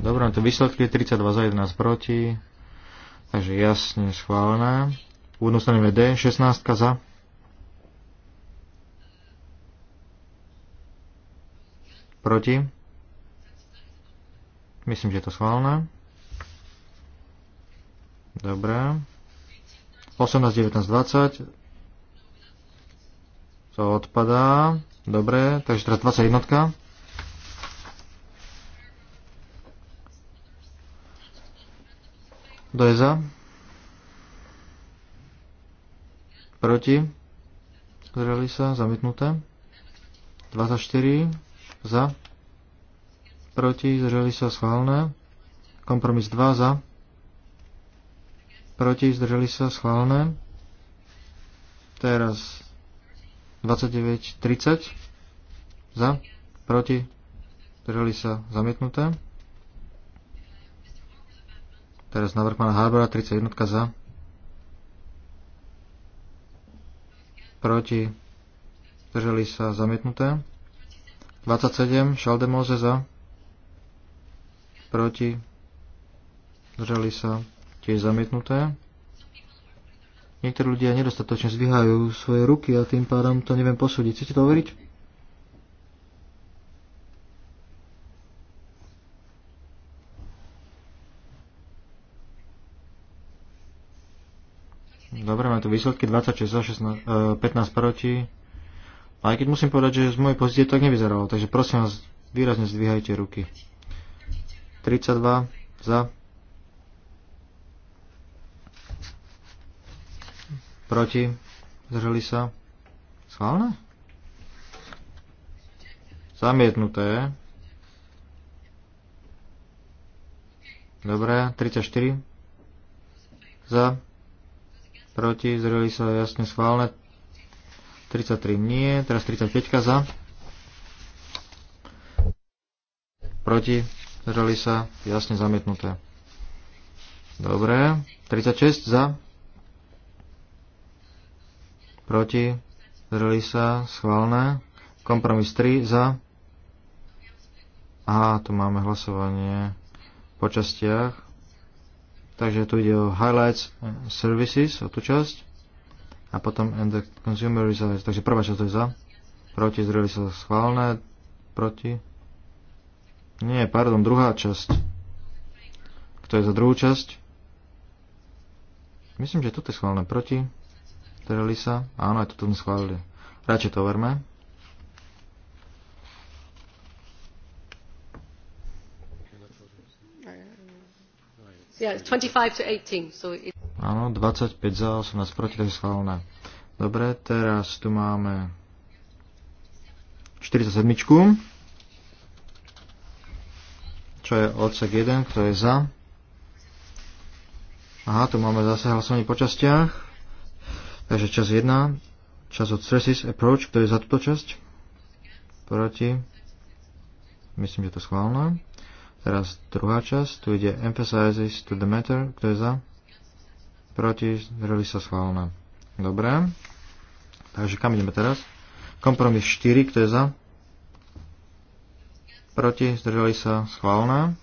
Dobre, no to výsledky je 32 za 11 proti, takže jasne schválené. Úvodnú stanovíme D, 16 za. Proti. Myslím, že je to schválené. Dobre. 18, 19, 20 to odpadá. Dobre, takže teraz 21. Kto je za? Proti? Zreli sa, zamietnuté. 24. Za? Proti? Zreli sa, schválne. Kompromis 2. Za? Proti? Zdrželi sa, schválne. Teraz 29.30 za, proti, zdržali sa zamietnuté. Teraz návrh pána Harbora 31 za, proti, zdržali sa zamietnuté. 27 Šaldemóze za, proti, zdržali sa tiež zamietnuté niektorí ľudia nedostatočne zvyhajú svoje ruky a tým pádom to neviem posúdiť. Chcete to overiť? Dobre, máme tu výsledky 26 za 16, 15 e, proti. No aj keď musím povedať, že z mojej pozície tak nevyzeralo, takže prosím vás, výrazne zdvíhajte ruky. 32 za, Proti? Zdrželi sa? Schválne? Zamietnuté. Dobre, 34. Za. Proti, Zdrželi sa jasne schválne. 33 nie, teraz 35 za. Proti, Zdrželi sa jasne zamietnuté. Dobre, 36 za proti, Zdrželi sa, schválne. Kompromis 3 za. Aha, tu máme hlasovanie po častiach. Takže tu ide o Highlights Services, o tú časť. A potom and the Consumer Results. Takže prvá časť to je za. Proti, Zdrželi sa, schválne. Proti. Nie, pardon, druhá časť. Kto je za druhú časť? Myslím, že toto je schválne proti. Zdržali sa? Áno, aj toto sme schválili. Radšej to verme. 25 Áno, 25 za, 18 proti, takže schválené. Dobre, teraz tu máme 47. Čo je odsek 1, kto je za? Aha, tu máme zase hlasovanie po častiach. Takže čas 1, čas od Stresses Approach, ktorý je za túto časť? Proti. Myslím, že to schválne. Teraz druhá časť, tu ide Emphasizes to the matter, kto je za? Proti, zdreli sa schválne. Dobre. Takže kam ideme teraz? Kompromis 4, kto je za? Proti, zdržali sa schválne.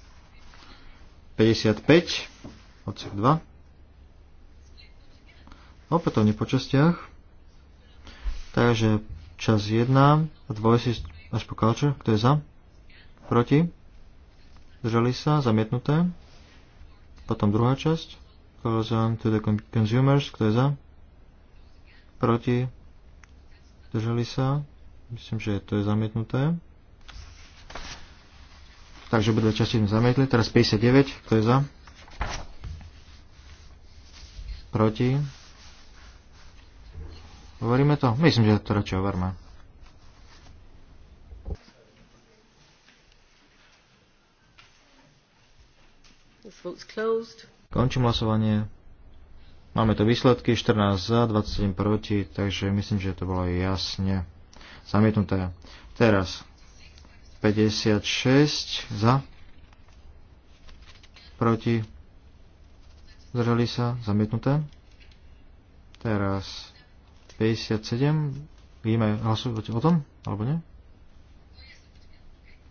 55, odsek 2 opätovne po častiach. Takže čas 1, dvojsi až po kalčer, kto je za, proti, zdržali sa, zamietnuté. Potom druhá časť, calls on to the consumers, kto je za, proti, zdržali sa, myslím, že to je zamietnuté. Takže obidve časti sme zamietli. Teraz 59, kto je za? Proti. Hovoríme to? Myslím, že to radšej hovoríme. Končím hlasovanie. Máme to výsledky 14 za, 27 proti, takže myslím, že to bolo jasne zamietnuté. Teraz 56 za, proti, zdržali sa, zamietnuté. Teraz 57. Vidíme hlasovať o tom, alebo nie?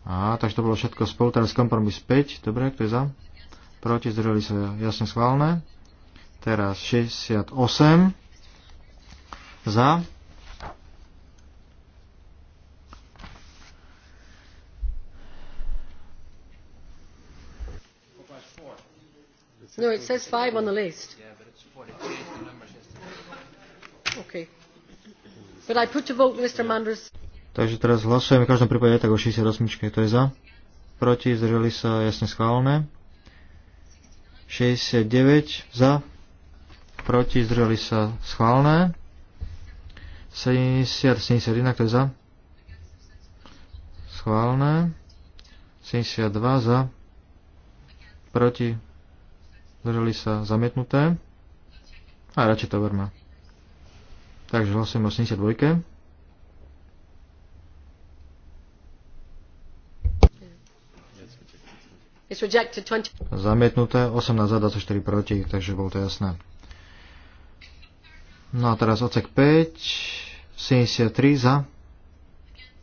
Á, takže to bolo všetko spolu. Teraz kompromis 5. Dobre, kto je za? Proti, zdržali sa jasne schválne. Teraz 68. Za. No, it says five on the list. Yeah, but it's 42. But I put to vote Mr. Manders. Takže teraz hlasujeme v každom prípade tak o 68. To je za. Proti, zdržali sa jasne schválené. 69 za. Proti, zdržali sa schválené. 70, 71, to je za. Schválené. 72 za. Proti, zdržali sa zamietnuté. A radšej to verme. Takže hlasujeme 82. Zamietnuté, 18 za 24 proti, takže bolo to jasné. No a teraz ocek 5, 73 za,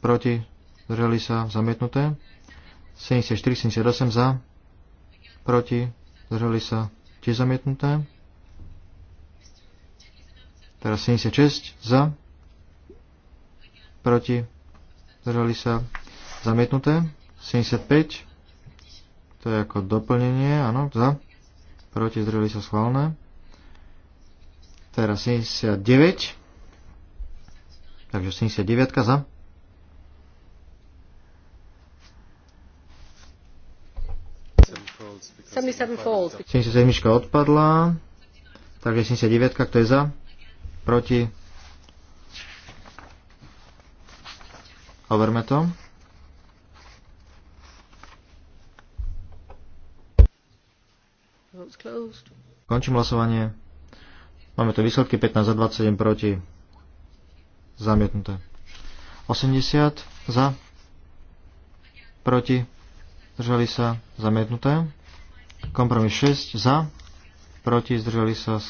proti, zdržali sa, zamietnuté. 74, 78 za, proti, zdržali sa, tiež zamietnuté. Teraz 76 za, proti, zdržali sa, zamietnuté. 75, to je ako doplnenie, áno, za, proti, zdržali sa, schválne. Teraz 79, takže 79 za. Falls. 77 odpadla, takže 79, kto je za? proti. Overme to. Končím hlasovanie. Máme tu výsledky 15 za 27 proti. Zamietnuté. 80 za. Proti. Zdržali sa. Zamietnuté. Kompromis 6 za. Proti. Zdržali sa.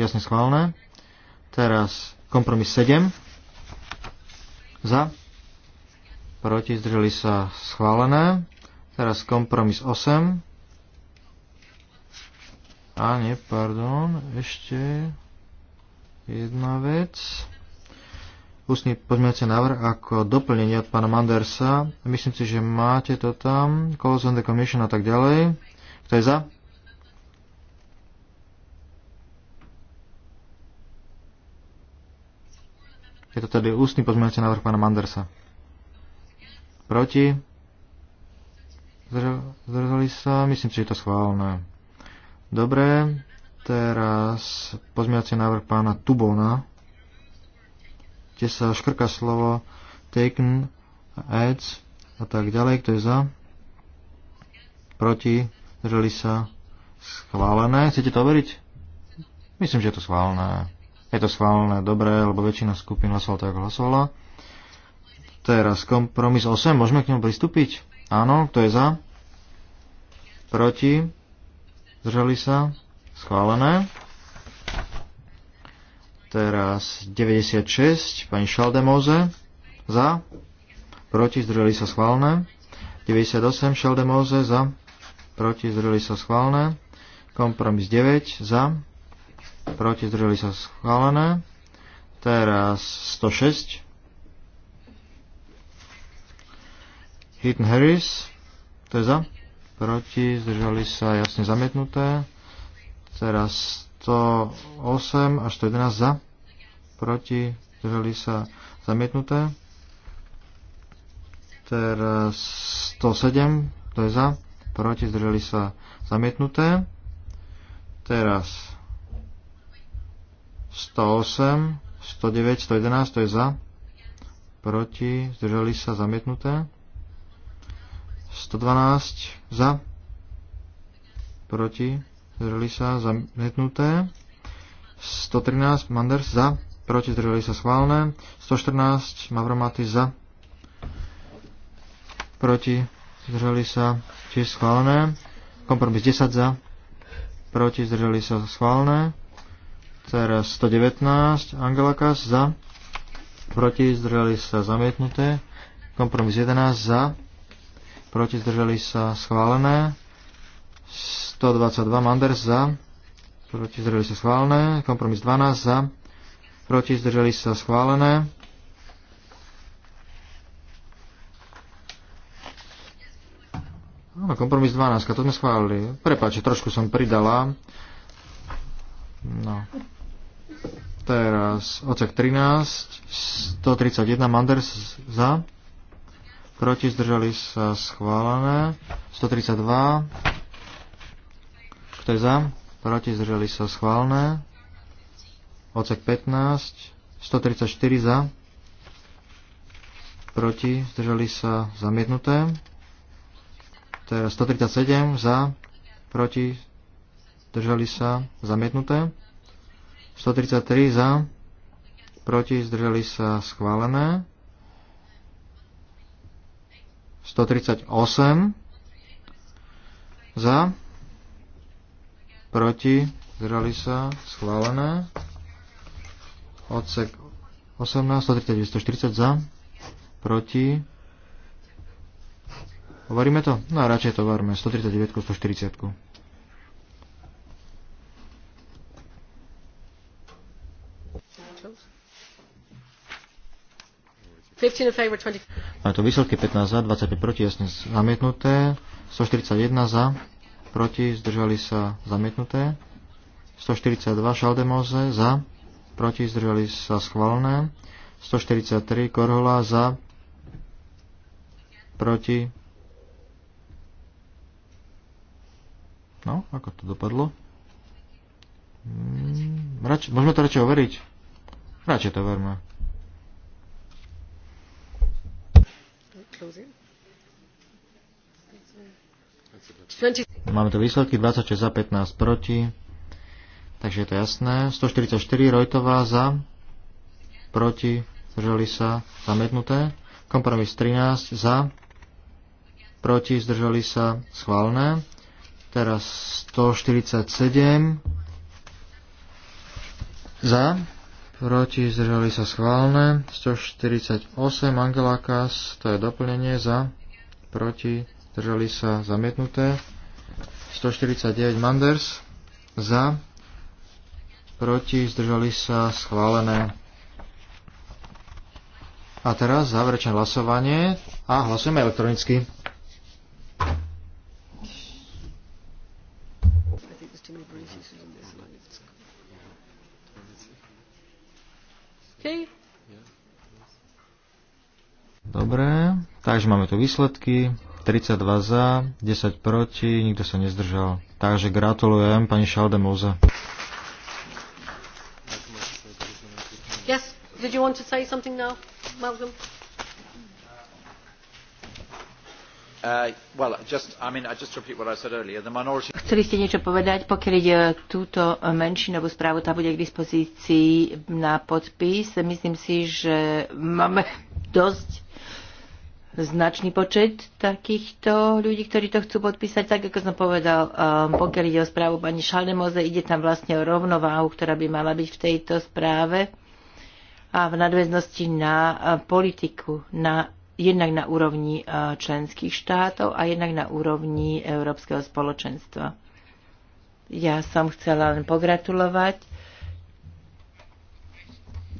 Jasne schválne. Teraz kompromis 7. Za. Proti zdržali sa schválené. Teraz kompromis 8. A nie, pardon, ešte jedna vec. Ústny pozmeňujúci návrh ako doplnenie od pána Mandersa. Myslím si, že máte to tam. Calls on the commission a tak ďalej. Kto je za? Je to tedy ústny pozmeňujúci návrh pána Mandersa. Proti? Zdržali sa? Myslím si, že je to schválne. Dobre, teraz pozmeňujúci návrh pána Tubona, kde sa škrka slovo taken, ads a tak ďalej. Kto je za? Proti? Zdržali sa? Schválené. Chcete to overiť? Myslím, že je to schválené. Je to schválené dobre, lebo väčšina skupín hlasovala tak, hlasovala. Teraz kompromis 8, môžeme k ňom pristúpiť? Áno, kto je za? Proti? Zdržali sa? Schválené. Teraz 96, pani Šaldemoze. Za? Proti? Zdržali sa? Schválené. 98, Šaldemose Za? Proti? Zdržali sa? Schválené. Kompromis 9, za? proti zdržali sa schválené. Teraz 106. Hitton Harris, to je za, proti, zdržali sa jasne zamietnuté. Teraz 108 až 111 za, proti, zdržali sa zamietnuté. Teraz 107, to je za, proti, zdržali sa zamietnuté. Teraz 108, 109, 111, to je za. Proti, zdržali sa zamietnuté. 112 za. Proti, zdržali sa zamietnuté. 113 Manders za. Proti, zdržali sa schválne. 114 Mavromaty za. Proti, zdržali sa tiež schválne. Kompromis 10 za. Proti, zdržali sa schválne. Teraz 119, Angela Kass za, proti zdržali sa zamietnuté, kompromis 11 za, proti zdržali sa schválené, 122 Manders za, proti zdržali sa schválené, kompromis 12 za, proti zdržali sa schválené, Áno, kompromis 12, to sme schválili. Prepáčte, trošku som pridala. No. Teraz ocek 13, 131 Manders za, proti zdržali sa schválené, 132, kto je za, proti zdržali sa schválené, ocek 15, 134 za, proti zdržali sa zamietnuté, teraz 137 za, proti zdržali sa zamietnuté, 133 za, proti, zdržali sa schválené. 138 za, proti, zdržali sa schválené. Odsek 18, 130, 140 za, proti. Hovoríme to? No a radšej to varme, 139, 140. Má to výsledky 15 za, 25 proti, jasne zamietnuté. 141 za, proti, zdržali sa zamietnuté. 142 Šaldemóze, za, proti, zdržali sa schválne. 143 Korhola za, proti. No, ako to dopadlo? Hmm, rač, môžeme to radšej overiť? Radšej to overme. Máme tu výsledky 26 za 15 proti. Takže je to jasné. 144 Rojtová za, proti, zdržali sa, zametnuté. Kompromis 13 za, proti, zdržali sa, schválne. Teraz 147 za, proti, zdržali sa schválne. 148 Angelakas, to je doplnenie za, proti, zdržali sa zamietnuté. 149 Manders za, proti, zdržali sa schválené. A teraz záverečné hlasovanie a hlasujeme elektronicky. Dobre, takže máme tu výsledky. 32 za, 10 proti, nikto sa nezdržal. Takže gratulujem pani Šaldemoze. Yes, did you want to say something now, Malcolm? Uh, Chceli ste niečo povedať, pokiaľ ide túto menšinovú správu, tá bude k dispozícii na podpis. Myslím si, že máme dosť značný počet takýchto ľudí, ktorí to chcú podpísať. Tak ako som povedal, um, pokiaľ ide o správu pani Šaldemoze, ide tam vlastne o rovnováhu, ktorá by mala byť v tejto správe a v nadväznosti na uh, politiku, na, jednak na úrovni uh, členských štátov a jednak na úrovni Európskeho spoločenstva. Ja som chcela len pogratulovať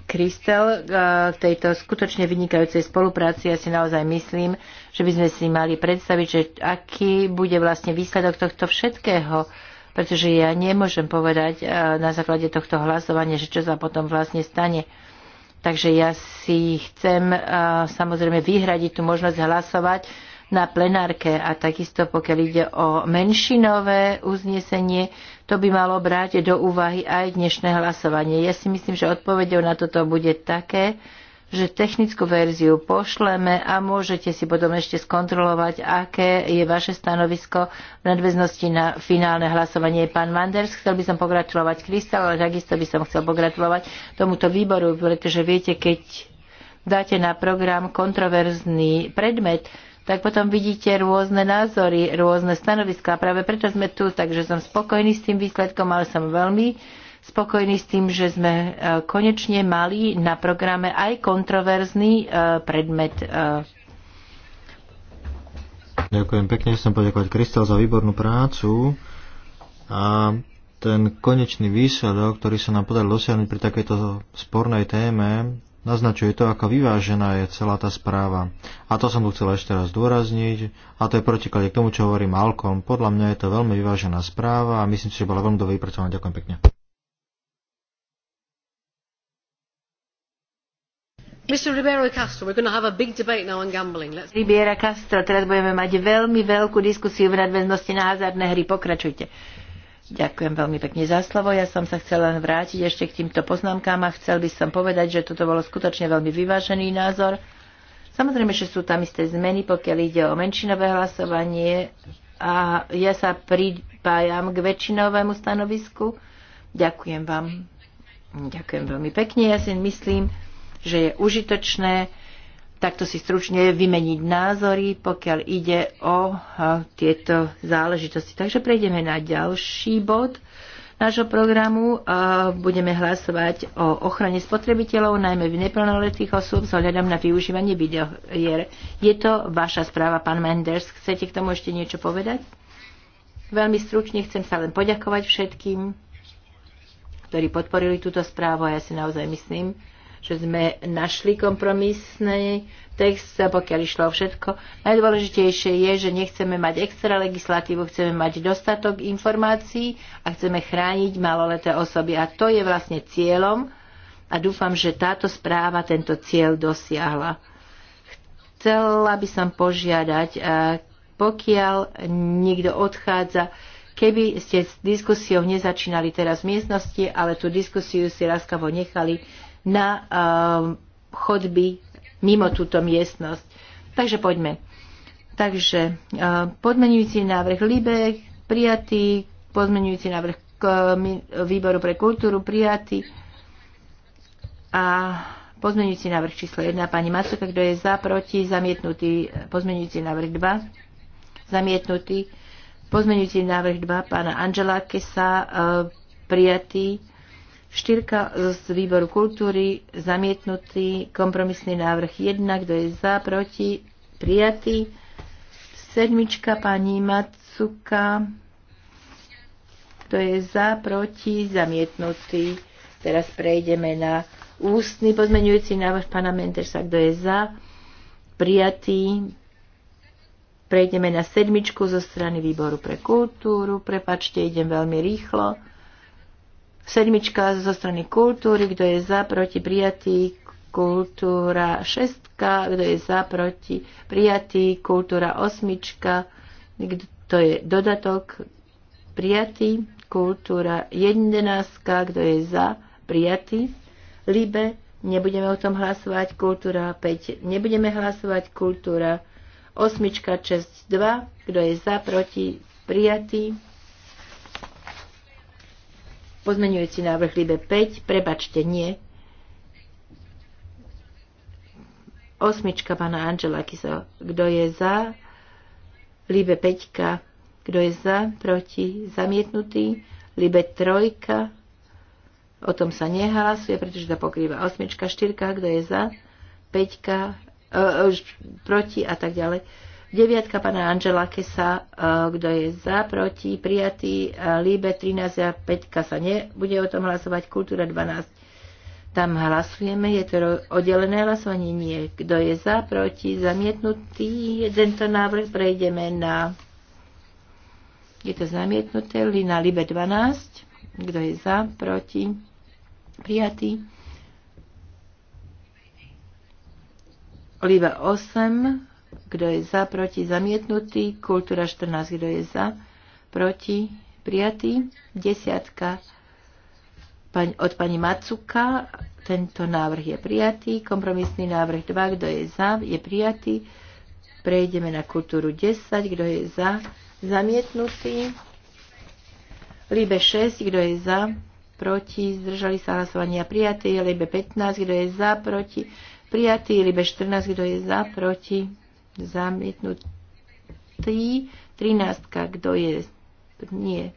Kristel k eh, tejto skutočne vynikajúcej spolupráci. Ja si naozaj myslím, že by sme si mali predstaviť, že aký bude vlastne výsledok tohto všetkého, pretože ja nemôžem povedať eh, na základe tohto hlasovania, že čo sa potom vlastne stane. Takže ja si chcem eh, samozrejme vyhradiť tú možnosť hlasovať, na plenárke a takisto pokiaľ ide o menšinové uznesenie, to by malo brať do úvahy aj dnešné hlasovanie. Ja si myslím, že odpovedou na toto bude také, že technickú verziu pošleme a môžete si potom ešte skontrolovať, aké je vaše stanovisko v nadväznosti na finálne hlasovanie. Pán Manders, chcel by som pogratulovať Kristal, ale takisto by som chcel pogratulovať tomuto výboru, pretože viete, keď dáte na program kontroverzný predmet, tak potom vidíte rôzne názory, rôzne stanoviská. Práve preto sme tu, takže som spokojný s tým výsledkom, ale som veľmi spokojný s tým, že sme e, konečne mali na programe aj kontroverzný e, predmet. E. Ďakujem pekne, chcem poďakovať Kristel za výbornú prácu a ten konečný výsledok, ktorý sa nám podarilo dosiahnuť pri takejto spornej téme, naznačuje to, ako vyvážená je celá tá správa. A to som tu chcel ešte raz dôrazniť, a to je protiklade k tomu, čo hovorí Malcolm. Podľa mňa je to veľmi vyvážená správa a myslím si, že bola veľmi dobre vypracovaná. Ďakujem pekne. Ribiera Castro, teraz budeme mať veľmi veľkú diskusiu v nadväznosti na hazardné hry. Pokračujte. Ďakujem veľmi pekne za slovo. Ja som sa chcela len vrátiť ešte k týmto poznámkám a chcel by som povedať, že toto bolo skutočne veľmi vyvážený názor. Samozrejme, že sú tam isté zmeny, pokiaľ ide o menšinové hlasovanie a ja sa pripájam k väčšinovému stanovisku. Ďakujem vám. Ďakujem veľmi pekne. Ja si myslím, že je užitočné takto si stručne vymeniť názory, pokiaľ ide o e, tieto záležitosti. Takže prejdeme na ďalší bod nášho programu. E, budeme hlasovať o ochrane spotrebiteľov, najmä v neplnoletých osôb, s ohľadom na využívanie videohier. Je to vaša správa, pán Menders. Chcete k tomu ešte niečo povedať? Veľmi stručne chcem sa len poďakovať všetkým, ktorí podporili túto správu a ja si naozaj myslím, že sme našli kompromisný text, pokiaľ išlo o všetko. Najdôležitejšie je, že nechceme mať extra legislatívu, chceme mať dostatok informácií a chceme chrániť maloleté osoby. A to je vlastne cieľom a dúfam, že táto správa tento cieľ dosiahla. Chcela by som požiadať, pokiaľ niekto odchádza, keby ste s diskusiou nezačínali teraz v miestnosti, ale tú diskusiu si láskavo nechali na eh, chodby mimo túto miestnosť. Takže poďme. Takže eh, podmenujúci návrh Libek prijatý, pozmenujúci návrh k výboru pre kultúru prijatý a pozmeňujúci návrh číslo 1 pani Macoka, kto je za, proti, zamietnutý pozmenujúci návrh 2, zamietnutý pozmenujúci návrh 2 pána Angela Kesa eh, prijatý Štyrka z výboru kultúry, zamietnutý kompromisný návrh 1, kto je za, proti, prijatý. Sedmička pani Macuka, kto je za, proti, zamietnutý. Teraz prejdeme na ústny pozmeňujúci návrh pana Mentersa, kto je za, prijatý. Prejdeme na sedmičku zo strany výboru pre kultúru. Prepačte, idem veľmi rýchlo. Sedmička zo strany kultúry, kto je za, proti, prijatý, kultúra šestka, kto je za, proti, prijatý, kultúra osmička, kto je dodatok, prijatý, kultúra jedenáctka, kto je za, prijatý, libe, nebudeme o tom hlasovať, kultúra 5, nebudeme hlasovať, kultúra osmička, 6, 2, kto je za, proti, prijatý, Pozmeňujúci návrh Libe 5, prebačte, nie. Osmička pána Angela Kiso. Kto je za? Libe 5. Kto je za? Proti? Zamietnutý? Libe 3. O tom sa nehlasuje, pretože to pokrýva osmička, štyrka. Kto je za? Peťka, e, e, proti a tak ďalej. Deviatka pána Angela Kesa, e, kto je za, proti, prijatý. E, Líbe 13 a 5 sa nebude o tom hlasovať. Kultúra 12. Tam hlasujeme, je to oddelené hlasovanie? Nie. Kto je za, proti, zamietnutý tento návrh, prejdeme na... Je to zamietnuté, na Libe 12. Kto je za, proti, prijatý. Libe 8 kto je za, proti, zamietnutý. Kultúra 14, kto je za, proti, prijatý. Desiatka od pani Macuka. Tento návrh je prijatý. Kompromisný návrh 2, kto je za, je prijatý. Prejdeme na kultúru 10, kto je za, zamietnutý. líbe 6, kto je za, proti, zdržali sa hlasovania prijatý. líbe 15, kto je za, proti, prijatý, Líbe 14, kto je za, proti, zamietnutý. 13. Kto je? Nie.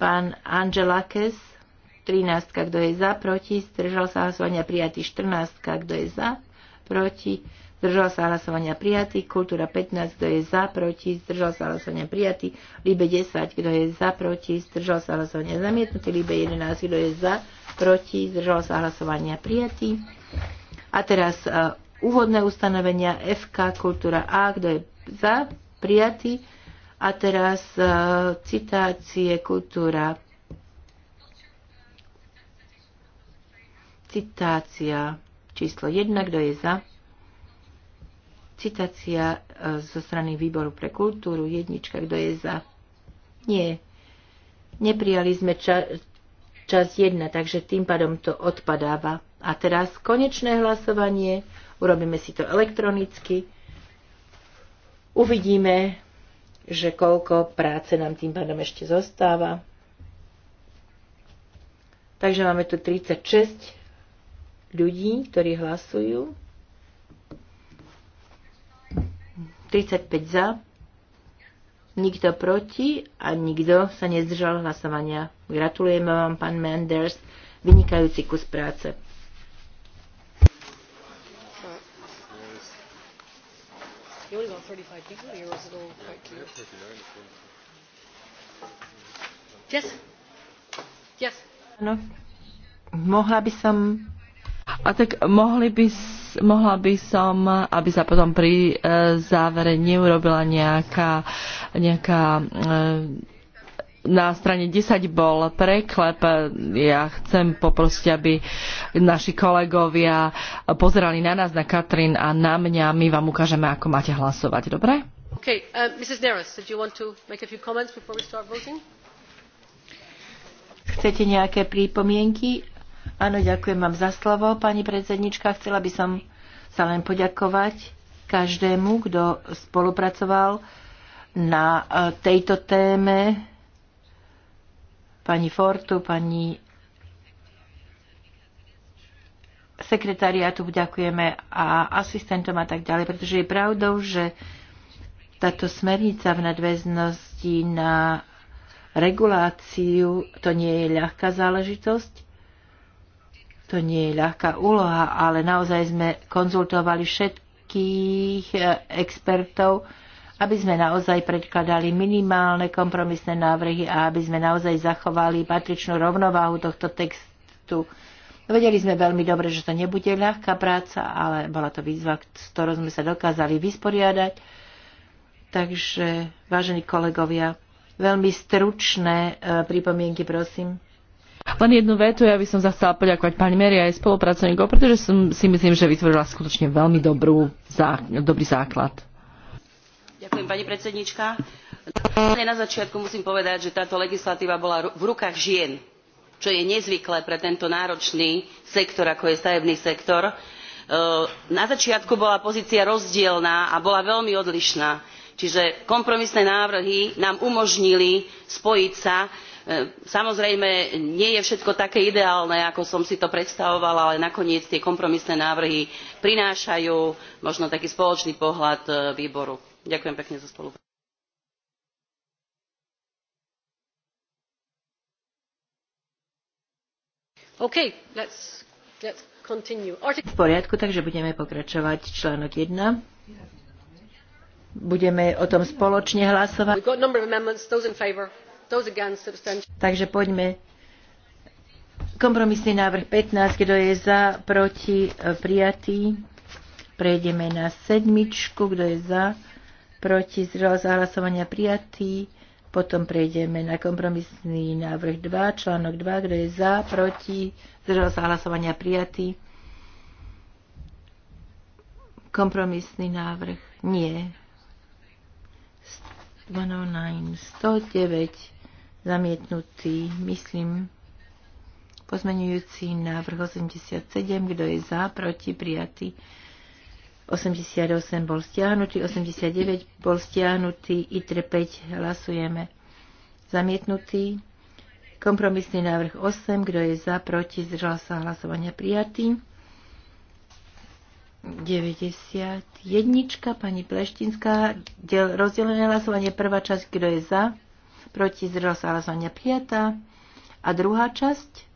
Pán Angelakes. 13. Kto je za? Proti. Zdržal sa hlasovania prijatý. 14. Kto je za? Proti. Zdržal sa hlasovania prijatý. Kultúra 15. Kto je za? Proti. Zdržal sa hlasovania prijatý. Líbe 10. Kto je za? Proti. Zdržal sa hlasovania zamietnutý. Líbe 11. Kto je za? Proti. Zdržal sa hlasovania prijatý. A teraz úvodné ustanovenia FK, kultúra A, kto je za, prijatý. A teraz uh, citácie, kultúra. Citácia číslo 1, kto je za. Citácia uh, zo strany výboru pre kultúru, jednička, kto je za. Nie. Neprijali sme ča- čas 1, takže tým pádom to odpadáva. A teraz konečné hlasovanie urobíme si to elektronicky, uvidíme, že koľko práce nám tým pádom ešte zostáva. Takže máme tu 36 ľudí, ktorí hlasujú. 35 za, nikto proti a nikto sa nezdržal hlasovania. Gratulujeme vám, pán Menders, vynikajúci kus práce. 35 people here, or is it all quite clear? Yes. Yes. Ano. Mohla by som... A tak mohli by, mohla by som, aby sa potom pri e, závere neurobila nejaká, nejaká e, na strane 10 bol preklep. Ja chcem poprosiť, aby naši kolegovia pozerali na nás, na Katrin a na mňa. My vám ukážeme, ako máte hlasovať. Dobre? Okay. Uh, Neres, Chcete nejaké prípomienky? Áno, ďakujem vám za slovo, pani predsednička. Chcela by som sa len poďakovať každému, kto spolupracoval na e, tejto téme pani Fortu, pani sekretariátu ďakujeme a asistentom a tak ďalej, pretože je pravdou, že táto smernica v nadväznosti na reguláciu, to nie je ľahká záležitosť, to nie je ľahká úloha, ale naozaj sme konzultovali všetkých eh, expertov, aby sme naozaj predkladali minimálne kompromisné návrhy a aby sme naozaj zachovali patričnú rovnováhu tohto textu. Vedeli sme veľmi dobre, že to nebude ľahká práca, ale bola to výzva, s ktorou sme sa dokázali vysporiadať. Takže, vážení kolegovia, veľmi stručné e, pripomienky, prosím. Len jednu vetu, ja by som sa chcela poďakovať pani Meri aj spolupracovníkov, pretože som si myslím, že vytvorila skutočne veľmi dobrú, dobrý základ. Ďakujem, pani Na začiatku musím povedať, že táto legislatíva bola v rukách žien, čo je nezvyklé pre tento náročný sektor, ako je stavebný sektor. E, na začiatku bola pozícia rozdielna a bola veľmi odlišná. Čiže kompromisné návrhy nám umožnili spojiť sa e, samozrejme nie je všetko také ideálne ako som si to predstavovala ale nakoniec tie kompromisné návrhy prinášajú možno taký spoločný pohľad e, výboru. Ďakujem pekne za spoluprácu. let's, let's v poriadku, takže budeme pokračovať článok 1. Budeme o tom spoločne hlasovať. Takže poďme. Kompromisný návrh 15, kto je za, proti, e, prijatý. Prejdeme na sedmičku, kto je za, proti, zdržal hlasovania prijatý. Potom prejdeme na kompromisný návrh 2, článok 2, kto je za, proti, zdržal sa hlasovania prijatý. Kompromisný návrh nie. 109, 109 zamietnutý, myslím, pozmenujúci návrh 87, kto je za, proti, prijatý. 88 bol stiahnutý, 89 bol stiahnutý, ITRE 5 hlasujeme zamietnutý. Kompromisný návrh 8, kto je za, proti, zdržal sa hlasovania prijatý. 91. Pani Pleštinská, rozdelené hlasovanie, prvá časť, kto je za, proti, zdržal sa hlasovania prijatá. A druhá časť,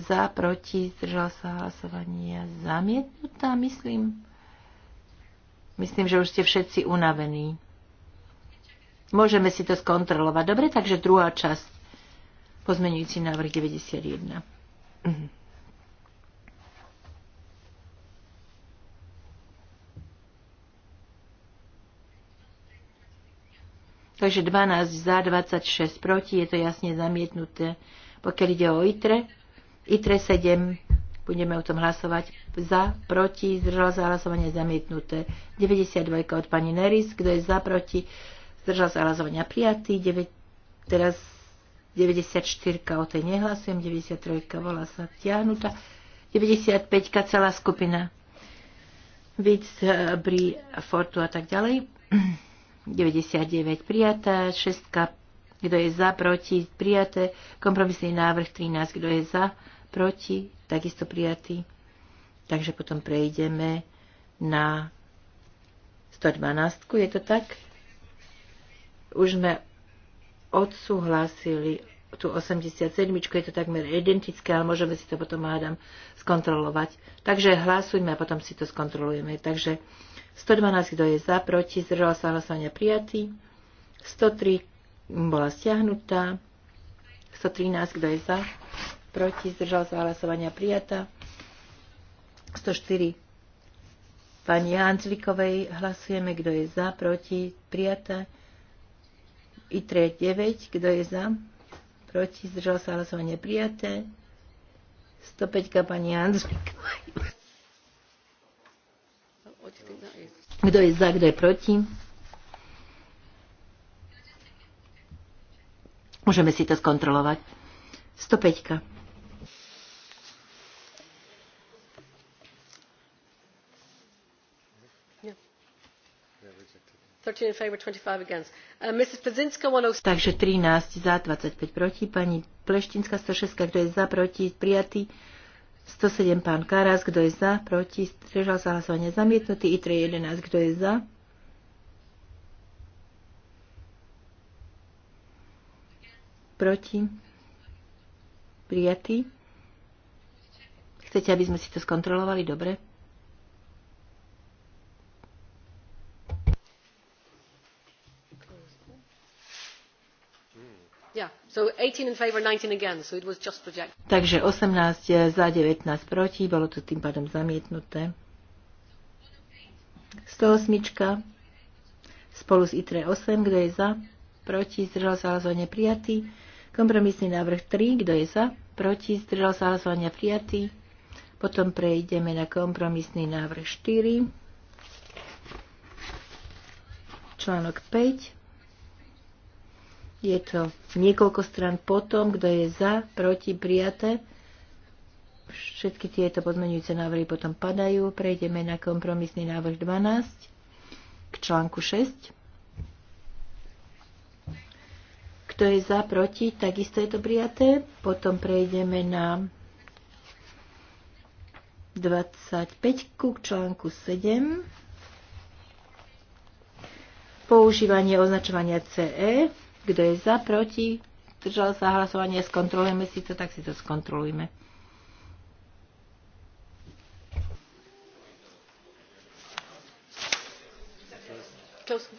za, proti, zdržal sa hlasovanie, zamietnutá, myslím. Myslím, že už ste všetci unavení. Môžeme si to skontrolovať. Dobre, takže druhá časť. Pozmenujúci návrh 91. Mhm. Takže 12 za, 26 proti, je to jasne zamietnuté. Pokiaľ ide o ITRE, ITRE 7, budeme o tom hlasovať za, proti, zdržala sa hlasovanie zamietnuté. 92 od pani Neris, kto je za, proti, zdržala sa hlasovania prijatý. 9, teraz 94 o tej nehlasujem, 93 bola sa vtiahnutá. 95 celá skupina. Víc, eh, Bri, Fortu a tak ďalej. 99 prijatá, 6 kto je za, proti, prijaté, kompromisný návrh 13, kto je za, proti, takisto prijatý. Takže potom prejdeme na 112. Je to tak? Už sme odsúhlasili tu 87, je to takmer identické, ale môžeme si to potom, hádam, skontrolovať. Takže hlasujme a potom si to skontrolujeme. Takže 112, kto je za, proti, zdržal sa hlasovania prijatý. 103 bola stiahnutá. 113, kto je za, proti, zdržal sa hlasovania prijatá. 104 pani Hanzlikovej hlasujeme, kto je za, proti, I 3 9, kto je za, proti, zdržal sa hlasovania prijaté. 105 pani Hanzlikovej. Kto je za, kto je proti? Môžeme si to skontrolovať. 105. Uh, oh Takže 13 za, 25 proti. Pani Pleštinská 106, kto je za, proti, prijatý. 107 pán Karas, kto je za, proti, Strežal sa hlasovanie zamietnutý. I 11, kto je za. Proti. Prijatý. Chcete, aby sme si to skontrolovali? Dobre. Takže 18 eh, za 19 proti, bolo to tým pádom zamietnuté. 108 spolu s ITRE 8, kto je za, proti, zdržal sa hlasovania prijatý. Kompromisný návrh 3, kto je za, proti, zdržal sa hlasovania prijatý. Potom prejdeme na kompromisný návrh 4, článok 5, je to niekoľko stran potom, kto je za, proti, prijaté. Všetky tieto podmenujúce návrhy potom padajú. Prejdeme na kompromisný návrh 12 k článku 6. Kto je za, proti, takisto je to prijaté. Potom prejdeme na 25 k článku 7. Používanie označovania CE. Kto je za, proti? držal sa hlasovanie. Skontrolujeme si to, tak si to skontrolujme. Close.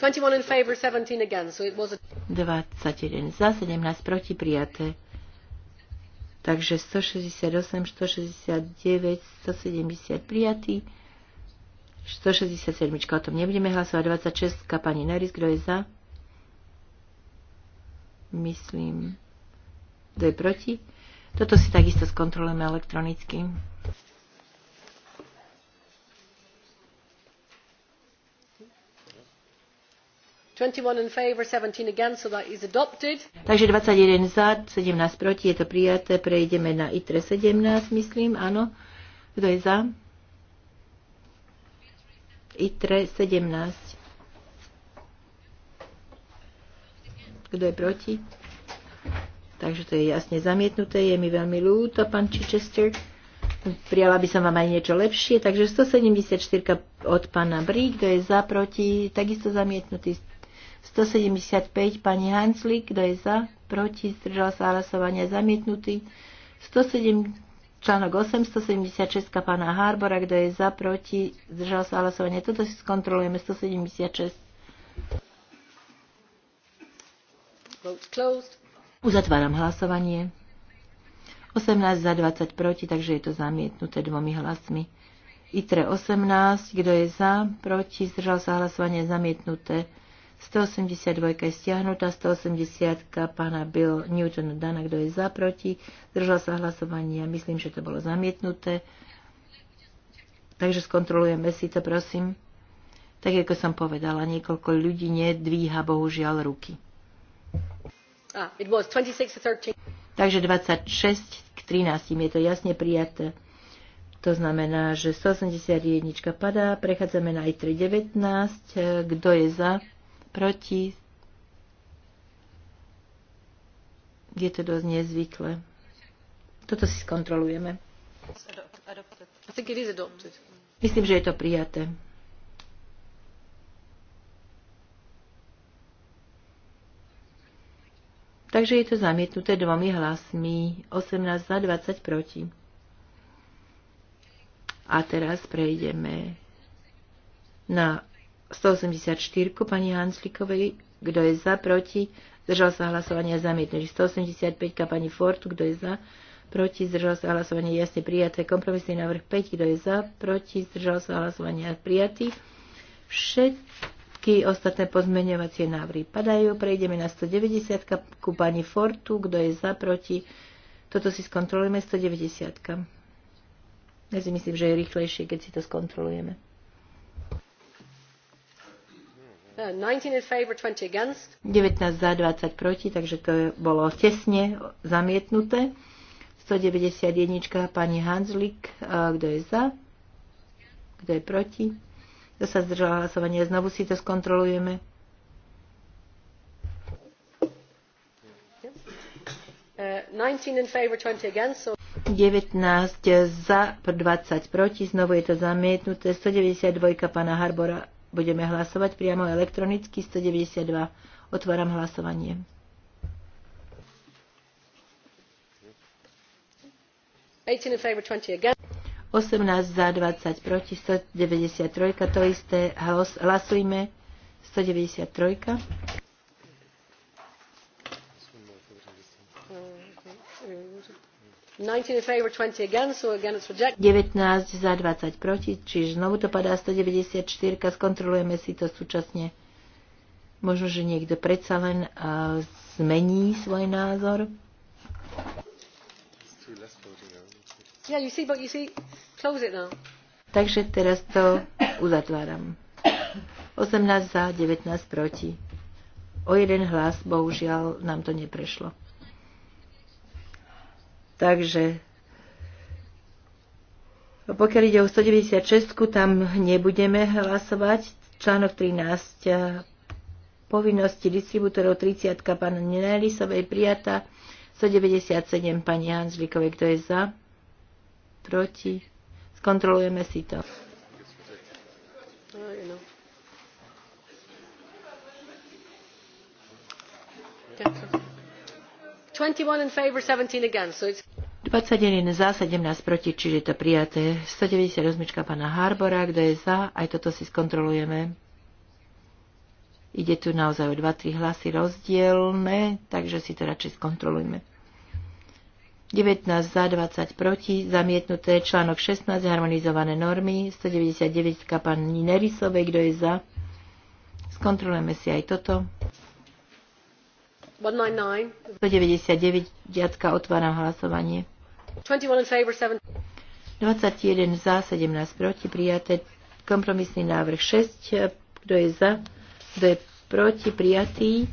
21 in favor, 17 again, so it was a... 21 za, 17 proti, prijaté. Takže 168, 169, 170 prijatý. 167. O tom nebudeme hlasovať. 26. Pani Neris, kto je za? Myslím. Kto je proti? Toto si takisto skontrolujeme elektronicky. Takže 21 za, 17 proti, je to prijaté. Prejdeme na ITRE 17, myslím, áno. Kto je za? ITRE 17. Kto je proti? Takže to je jasne zamietnuté. Je mi veľmi ľúto, pán Chichester. Prijala by som vám aj niečo lepšie. Takže 174 od pána Brí, kto je za, proti, takisto zamietnutý. 175 pani Hanslík, kto je za, proti, zdržal sa hlasovania, zamietnutý. 170 Článok 876 pána Harbora, kto je za, proti, zdržal sa hlasovanie. Toto si skontrolujeme, 176. Uzatváram hlasovanie. 18 za 20 proti, takže je to zamietnuté dvomi hlasmi. ITRE 18, kto je za, proti, zdržal sa hlasovanie, zamietnuté. 182 je stiahnutá, 180 pána Bill Newton Dana, kto je za, proti, zdržal sa hlasovania, myslím, že to bolo zamietnuté. Takže skontrolujeme si to, prosím. Tak ako som povedala, niekoľko ľudí nedvíha bohužiaľ ruky. Ah, it was 26 13. Takže 26 k 13 je to jasne prijaté. To znamená, že 181 padá, prechádzame na i 19. Kto je za? proti. Je to dosť nezvyklé. Toto si skontrolujeme. Myslím, že je to prijaté. Takže je to zamietnuté dvomi hlasmi, 18 za 20 proti. A teraz prejdeme na 184 pani Hanslikovej, kto je za, proti, zdržal sa hlasovanie zamietnutý. 185 pani Fortu, kto je za, proti, zdržal sa hlasovanie jasne prijaté. Kompromisný návrh 5, kto je za, proti, zdržal sa hlasovania prijatý. Všetky ostatné pozmeňovacie návrhy padajú. Prejdeme na 190 ku pani Fortu, kto je za, proti. Toto si skontrolujeme 190. Ja si myslím, že je rýchlejšie, keď si to skontrolujeme. 19 za, 20 proti, takže to bolo tesne zamietnuté. 191 pani Hanzlik, e, kto je za, kto je proti. Kto sa zdržal hlasovanie? Znovu si to skontrolujeme. Uh, 19 19 za, 20 proti, znovu je to zamietnuté. 192 pána Harbora Budeme hlasovať priamo elektronicky 192. Otváram hlasovanie. in favor, 18 za 20 proti 193, to isté hlasujme 193. 19 za 20 proti, čiže znovu to padá 194, skontrolujeme si to súčasne. Možno, že niekto predsa len uh, zmení svoj názor. Yeah, you see, but you see, close it now. Takže teraz to uzatváram. 18 za, 19 proti. O jeden hlas, bohužiaľ, nám to neprešlo. Takže pokiaľ ide o 196, tam nebudeme hlasovať. Článok 13. Eh, povinnosti distribútorov 30. pán Nenelisovej prijata. 197 pani Hanzlikovej. Kto je za? Proti? Skontrolujeme si to. you. 21 za, 17 proti, čiže je to prijaté. 190 rozmička pána Harbora, kto je za, aj toto si skontrolujeme. Ide tu naozaj o 2-3 hlasy rozdielne, takže si to radšej skontrolujme. 19 za, 20 proti, zamietnuté článok 16, harmonizované normy, 199 pani Nerisovej, kto je za. Skontrolujeme si aj toto. 199. 199. Otváram hlasovanie. 21 za, 17 proti, prijaté. Kompromisný návrh 6. Kto je za? Kto je proti? Prijatý.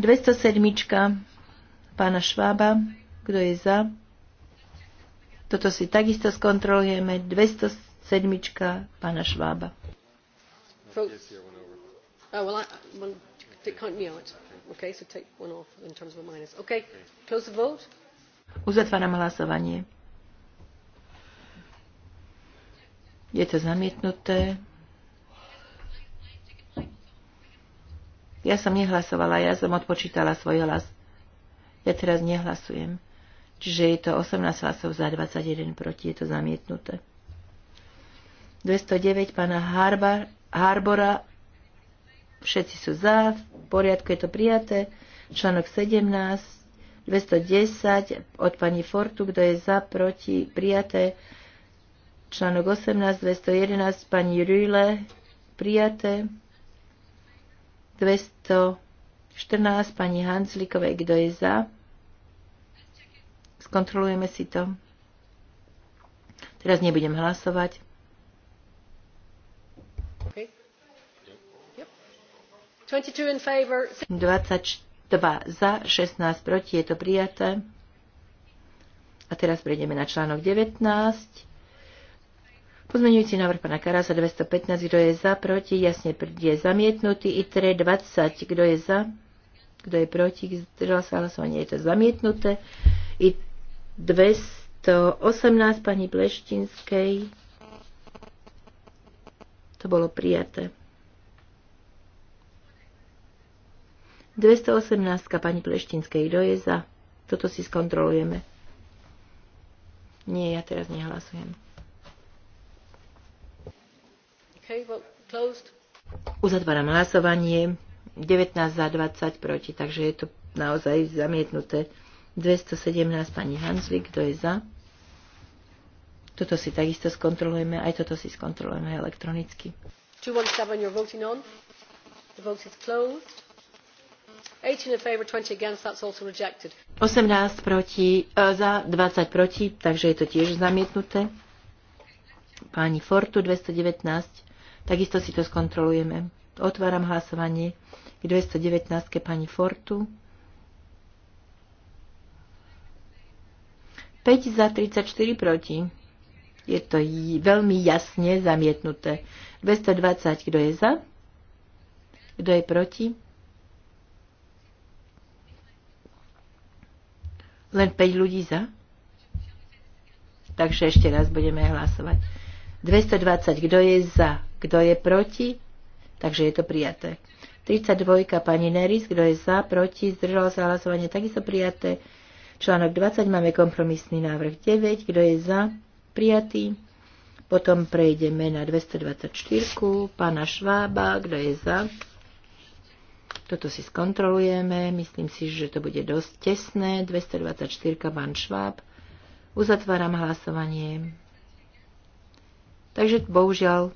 207. Pána Švába. Kto je za? Toto si takisto skontrolujeme. 207. Pána Švába. oh, well, I, well, Uzatváram hlasovanie. Je to zamietnuté. Ja som nehlasovala, ja som odpočítala svoj hlas. Ja teraz nehlasujem. Čiže je to 18 hlasov za 21 proti, je to zamietnuté. 209 pána Harbora Všetci sú za, v poriadku je to prijaté. Článok 17, 210 od pani Fortu, kto je za, proti, prijaté. Článok 18, 211 pani Rüle, prijaté. 214 pani Hanslikovej, kto je za. Skontrolujeme si to. Teraz nebudem hlasovať. 22 za, 16 proti, je to prijaté. A teraz prejdeme na článok 19. Pozmeňujúci návrh pana Karasa 215, kto je za, proti, jasne je zamietnutý. 3, 20, kto je za, kto je proti, zdržal sa hlasovanie, je to zamietnuté. I 218 pani Pleštinskej, to bolo prijaté. 218. pani Pleštinskej, kto je za? Toto si skontrolujeme. Nie, ja teraz nehlasujem. Okay, well, Uzatváram hlasovanie. 19 za 20 proti, takže je to naozaj zamietnuté. 217 pani Hanslik, kto je za? Toto si takisto skontrolujeme, aj toto si skontrolujeme elektronicky. 217, you're voting on. The vote is closed. 18 proti, e, za 20 proti, takže je to tiež zamietnuté. Pani Fortu 219, takisto si to skontrolujeme. Otváram hlasovanie k 219 pani Fortu. 5 za 34 proti. Je to veľmi jasne zamietnuté. 220, kto je za? Kto je proti? Len 5 ľudí za? Takže ešte raz budeme hlasovať. 220, kto je za, kto je proti? Takže je to prijaté. 32, pani Neris, kto je za, proti, zdržalo sa hlasovanie, takisto prijaté. Článok 20 máme kompromisný návrh 9, kto je za, prijatý. Potom prejdeme na 224, pána Švába, kto je za, toto si skontrolujeme. Myslím si, že to bude dosť tesné. 224 Van Schwab. Uzatváram hlasovanie. Takže bohužiaľ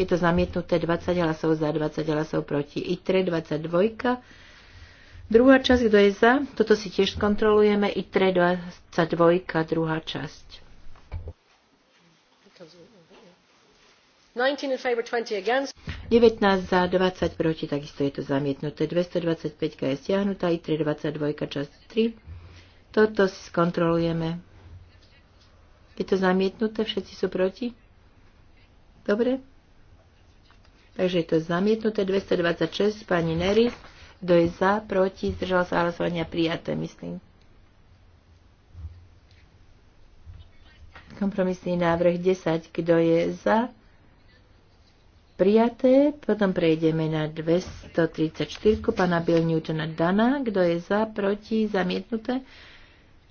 je to zamietnuté 20 hlasov za, 20 hlasov proti. ITRE 22. Druhá časť, kto je za? Toto si tiež skontrolujeme. ITRE 22, druhá časť. 19 za, 20 proti, takisto je to zamietnuté. 225 je stiahnutá, i 322 časť 3. Toto si skontrolujeme. Je to zamietnuté, všetci sú proti? Dobre? Takže je to zamietnuté. 226, pani Neris. Kto je za, proti, zdržal sa hlasovania prijaté, myslím. Kompromisný návrh 10. Kto je za? prijaté. Potom prejdeme na 234 pana Bill Newtona Dana. Kto je za, proti, zamietnuté.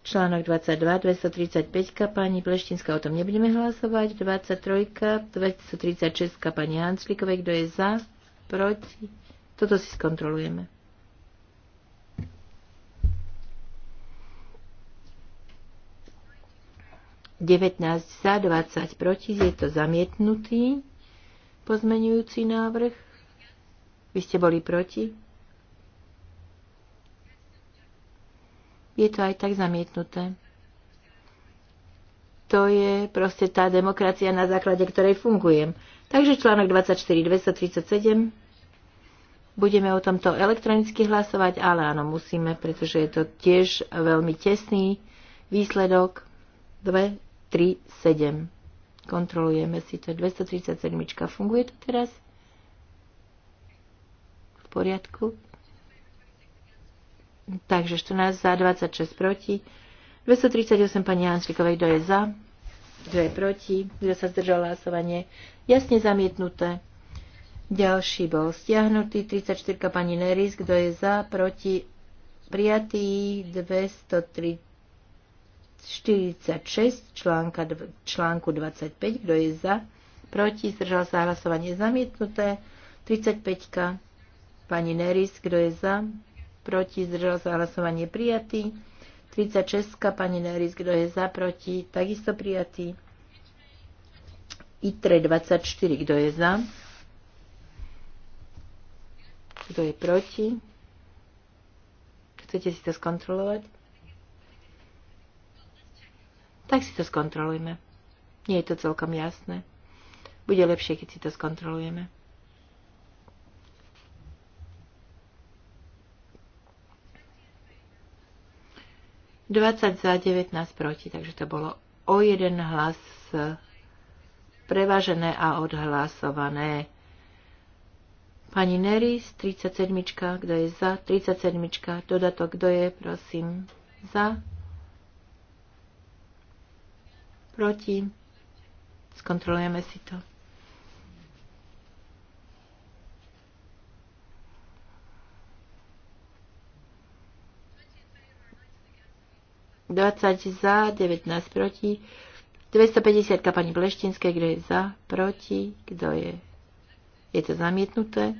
Článok 22, 235, pani Pleštinská, o tom nebudeme hlasovať. 23, 236, pani Hanslíkovej. kto je za, proti. Toto si skontrolujeme. Devätnásť za, 20 proti, je to zamietnutý. Pozmenujúci návrh. Vy ste boli proti? Je to aj tak zamietnuté. To je proste tá demokracia, na základe ktorej fungujem. Takže článok 24 237. Budeme o tomto elektronicky hlasovať, ale áno, musíme, pretože je to tiež veľmi tesný výsledok 2, 3, 7. Kontrolujeme si to. 237. Funguje to teraz? V poriadku. Takže 14 za, 26 proti. 238 pani Hanšlikovej, kto je za? Kto je proti? Kto sa zdržal hlasovanie? Jasne zamietnuté. Ďalší bol stiahnutý. 34 pani Neris, kto je za? Proti? Prijatý 230 46 článka, článku 25. Kto je za? Proti? Zdržal sa hlasovanie zamietnuté. 35. Pani Neris. Kto je za? Proti? Zdržal sa hlasovanie prijatý. 36. Pani Neris. Kto je za? Proti? Takisto prijatý. ITRE 24. Kto je za? Kto je proti? Chcete si to skontrolovať? tak si to skontrolujme. Nie je to celkom jasné. Bude lepšie, keď si to skontrolujeme. Dvadsať za 19 proti, takže to bolo o jeden hlas prevažené a odhlasované. Pani Neris, 37, kto je za, 37, dodatok, kto je, prosím, za, Proti? Skontrolujeme si to. Dvadsať za, 19 proti. 250 pani Bleštinskej, kto je za, proti, kto je. Je to zamietnuté.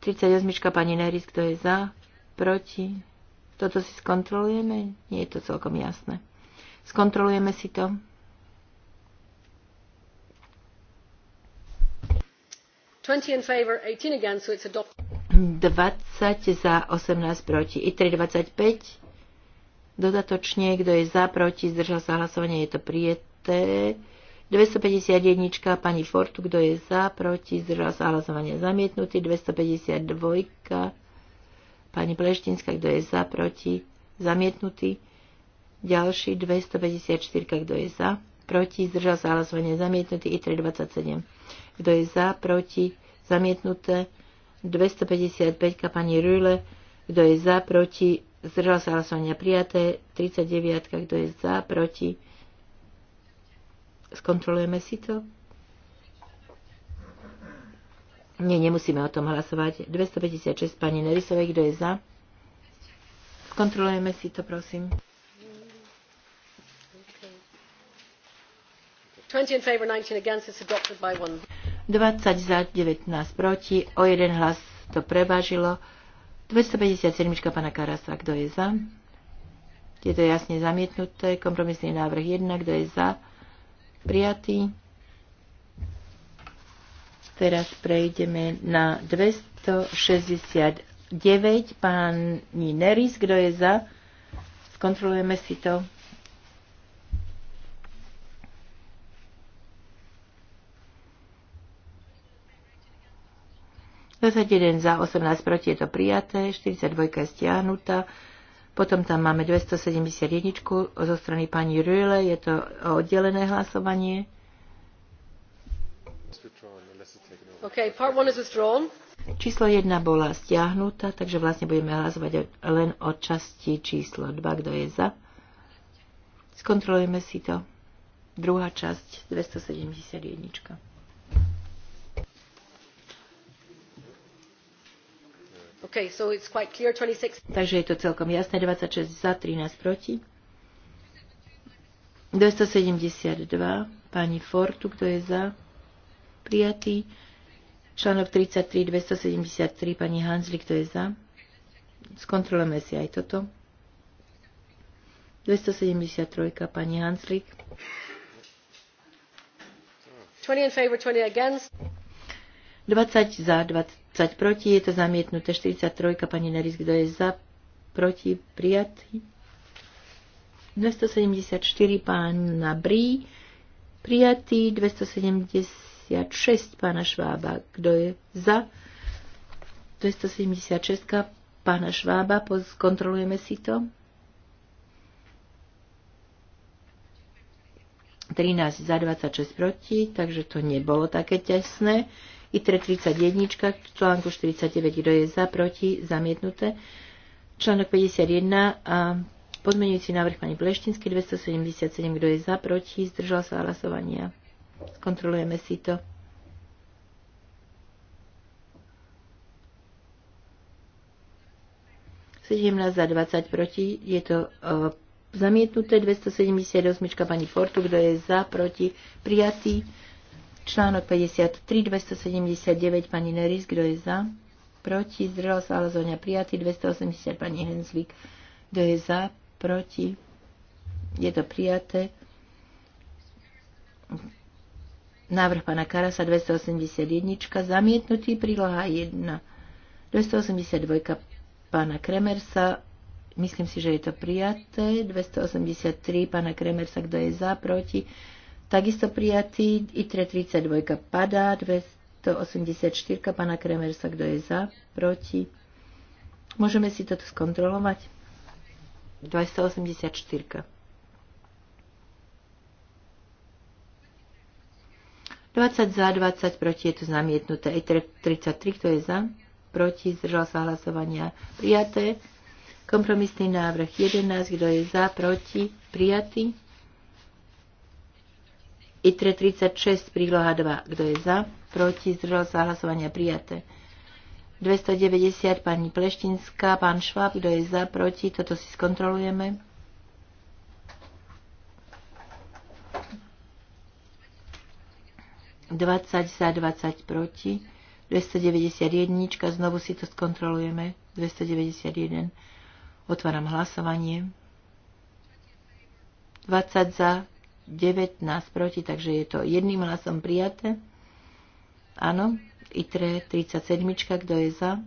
38 pani Neris, kto je za, proti. Toto si skontrolujeme? Nie je to celkom jasné. Skontrolujeme si to. In favor, 18 against, so it's 20 za, 18 proti. ITRI 25. Dodatočne, kto je za, proti, zdržal sa hlasovanie, je to prijeté. 251 pani Fortu, kto je za, proti, zdržal sa hlasovanie zamietnutý. 252 pani Pleštinská, kto je za, proti, zamietnutý. Ďalší 254, kto je za, proti, zdržal sa hlasovanie zamietnutý, i 327. Kto je za, proti, zamietnuté, 255, pani Rüle, kto je za, proti, zdržal sa hlasovanie, prijaté, 39, kto je za, proti, skontrolujeme si to. Nie, nemusíme o tom hlasovať. 256 pani Nerisovej, kto je za? Skontrolujeme si to, prosím. 20 za, 19 proti. O jeden hlas to prevážilo. 257. pána Karasa. Kto je za? Je to jasne zamietnuté. Kompromisný návrh 1. Kto je za? Prijatý. Teraz prejdeme na 269. Pani Neris, kto je za? Skontrolujeme si to. 21 za, 18 proti je to prijaté, 42 je stiahnutá. Potom tam máme 271 zo strany pani Rühle, je to oddelené hlasovanie. Okay, part one is withdrawn. Číslo 1 bola stiahnutá, takže vlastne budeme hlasovať len o časti číslo 2, kto je za. Skontrolujeme si to. Druhá časť 271. Okay, so it's quite clear, 26... Takže je to celkom jasné, 26 za, 13 proti. 272, pani Fortu, kto je za? Prijatý. Článok 33, 273, pani Hanzli, kto je za? Skontrolujeme si aj toto. 273, pani Hanzlik. 20 in favor, 20 against. 20 za, 20 proti, je to zamietnuté. 43, pani Neris, kto je za, proti, prijatý. 274, pána Brí, prijatý. 276, pána Švába, kto je za. 276, pána Švába, skontrolujeme si to. 13 za 26 proti, takže to nebolo také tesné. ITRE 31, článku 49, kto je za, proti, zamietnuté. Článok 51 a podmenujúci návrh pani Pleštinsky 277, kto je za, proti, zdržal sa hlasovania. Skontrolujeme si to. Sedemnásť za 20 proti, je to uh, zamietnuté 278 pani Fortu, kto je za, proti, prijatý. Článok 53, 279, pani Neris, kto je za? Proti, zdržal sa Alazóňa prijatý, 280, pani Henslík, kto je za? Proti, je to prijaté. Návrh pana Karasa 281, zamietnutý, príloha 1. 282 pána Kremersa, myslím si, že je to prijaté. 283 pána Kremersa, kto je za, proti, Takisto prijatý ITRE 32 padá, 284 pana Kremersa, kto je za, proti. Môžeme si toto skontrolovať. 284. 20 za, 20 proti, je to zamietnuté. I 33, kto je za? Proti, zdržal sa hlasovania. Prijaté. Kompromisný návrh 11, kto je za, proti, prijatý. ITRE 36, príloha 2. Kto je za? Proti? Zdržal sa hlasovania prijaté. 290, pani Pleštinská, pán Šváb, kto je za? Proti? Toto si skontrolujeme. Dvadsať za, 20 proti. 291, znovu si to skontrolujeme. 291. Otváram hlasovanie. 20 za, 19 proti, takže je to jedným hlasom prijaté. Áno, ITRE 37, kto je za?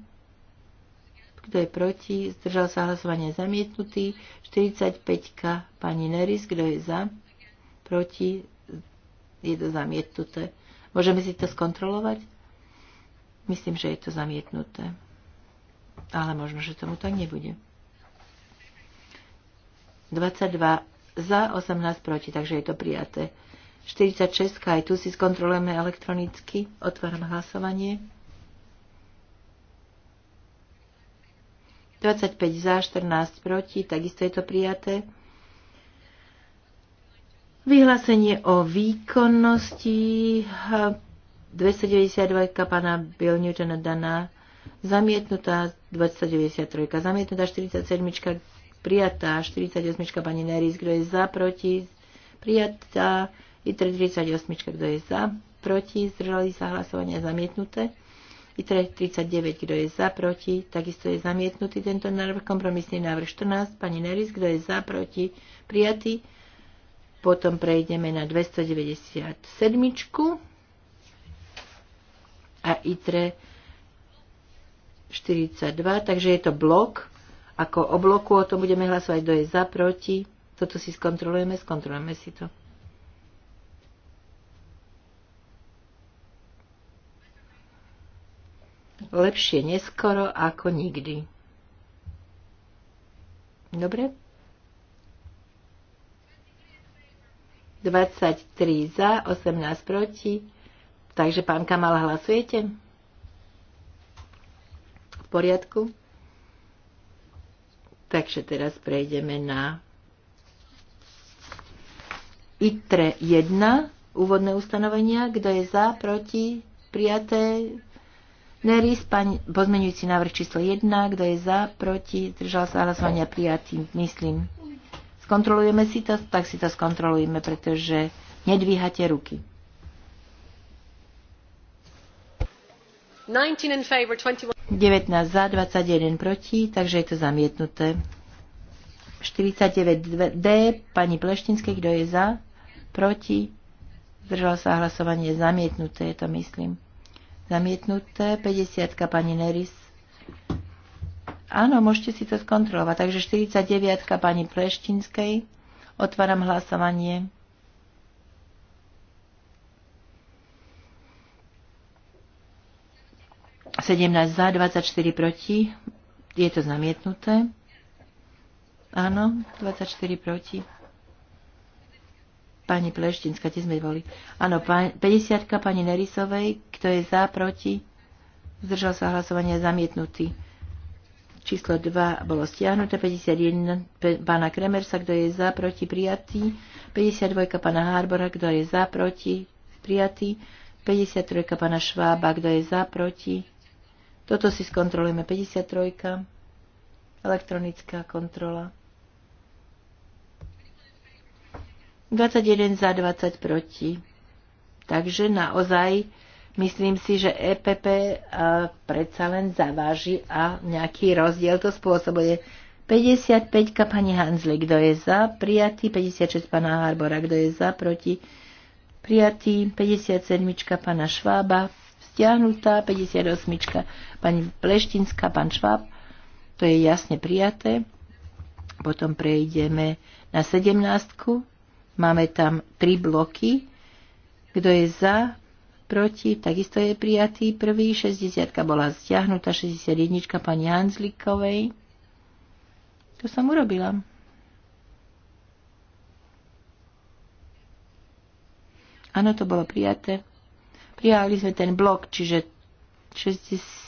Kto je proti? Zdržal sa hlasovanie zamietnutý. 45, pani Neris, kto je za? Proti? Je to zamietnuté. Môžeme si to skontrolovať? Myslím, že je to zamietnuté. Ale možno, že tomu tak nebude. 22 za, 18 proti, takže je to prijaté. 46, aj tu si skontrolujeme elektronicky. Otváram hlasovanie. 25 za, 14 proti, takisto je to prijaté. Vyhlásenie o výkonnosti 292 pána Bill Newtona Dana zamietnutá 293, zamietnutá 47 prijatá. 48. pani Neris, kto je za, proti, prijatá. ITRE 38, kto je za, proti, zdržali sa hlasovania zamietnuté. ITRE 39, kto je za, proti, takisto je zamietnutý tento návrh. Kompromisný návrh 14, pani Neris, kto je za, proti, prijatý. Potom prejdeme na 297 a ITRE 42, takže je to blok ako o bloku, o tom budeme hlasovať, kto je za, proti. Toto si skontrolujeme, skontrolujeme si to. Lepšie neskoro ako nikdy. Dobre? 23 za, 18 proti. Takže pán Kamal, hlasujete? V poriadku? Takže teraz prejdeme na ITRE 1, úvodné ustanovenia. Kto je za, proti, prijaté? Neris, pozmenujúci návrh číslo 1. Kto je za, proti, zdržal sa hlasovania prijatý, myslím. Skontrolujeme si to, tak si to skontrolujeme, pretože nedvíhate ruky. 19 za, 21 proti, takže je to zamietnuté. 49D, pani Pleštinskej, kto je za, proti, zdržalo sa hlasovanie, zamietnuté je to, myslím. Zamietnuté, 50 pani Neris. Áno, môžete si to skontrolovať. Takže 49 pani Pleštinskej, otváram hlasovanie. 17 za, 24 proti. Je to zamietnuté. Áno, 24 proti. Pani Pleštinská, tie sme boli. Áno, 50 pani Nerisovej, kto je za, proti. Zdržal sa hlasovania zamietnutý. Číslo 2 bolo stiahnuté, 51 pána Kremersa, kto je za, proti, prijatý. 52 pána Harbora, kto je za, proti, prijatý. 53 pána Švába, kto je za, proti, toto si skontrolujeme. 53. Elektronická kontrola. 21 za 20 proti. Takže naozaj myslím si, že EPP e, predsa len zaváži a nejaký rozdiel to spôsobuje. 55 pani Hanzli, kto je za, prijatý, 56 pana Harbora, kto je za, proti, prijatý, 57 pana Švába, stiahnutá, 58 pani Pleštinská, pán Šváb. To je jasne prijaté. Potom prejdeme na sedemnástku. Máme tam tri bloky. Kto je za, proti, takisto je prijatý prvý. 60 bola stiahnutá, 61 pani Hanzlikovej. To som urobila. Áno, to bolo prijaté. Prijali sme ten blok, čiže 60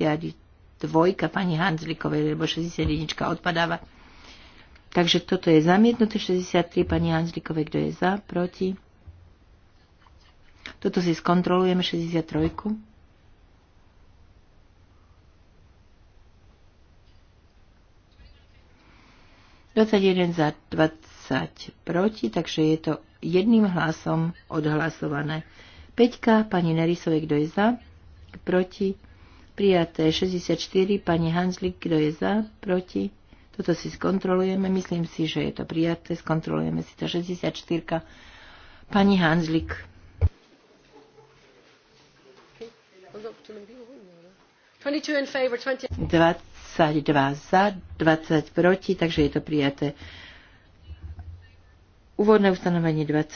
62 pani Hanzlikovej, lebo 61 odpadáva. Takže toto je zamietnuté, 63 pani Hanzlikovej, kto je za, proti. Toto si skontrolujeme, 63. jeden za 20 proti, takže je to jedným hlasom odhlasované. Peťka, pani Nerisovej, kto je za, proti Prijaté 64, pani Hanslik, kto je za, proti. Toto si skontrolujeme, myslím si, že je to prijaté, skontrolujeme si to 64. Pani Hanslik. 22 za, 20 proti, takže je to prijaté. Úvodné ustanovenie 8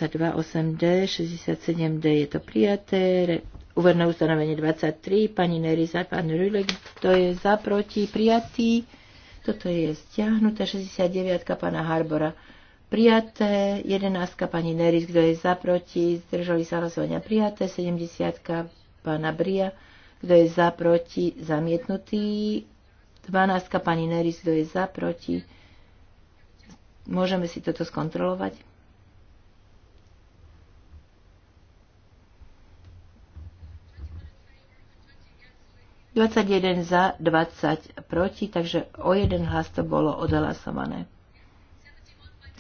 d 67d je to prijaté, Uverné ustanovenie 23, pani Neriza, pán Rulek, kto je za, proti, prijatý. Toto je stiahnuté, 69, pána Harbora prijaté, 11 pani Neris, kto je za, proti, zdržali sa hlasovania prijaté, 70 pána Bria, kto je za, proti, zamietnutý, 12 pani Neris, kto je za, proti, môžeme si toto skontrolovať. 21 za, 20 proti, takže o jeden hlas to bolo odhlasované.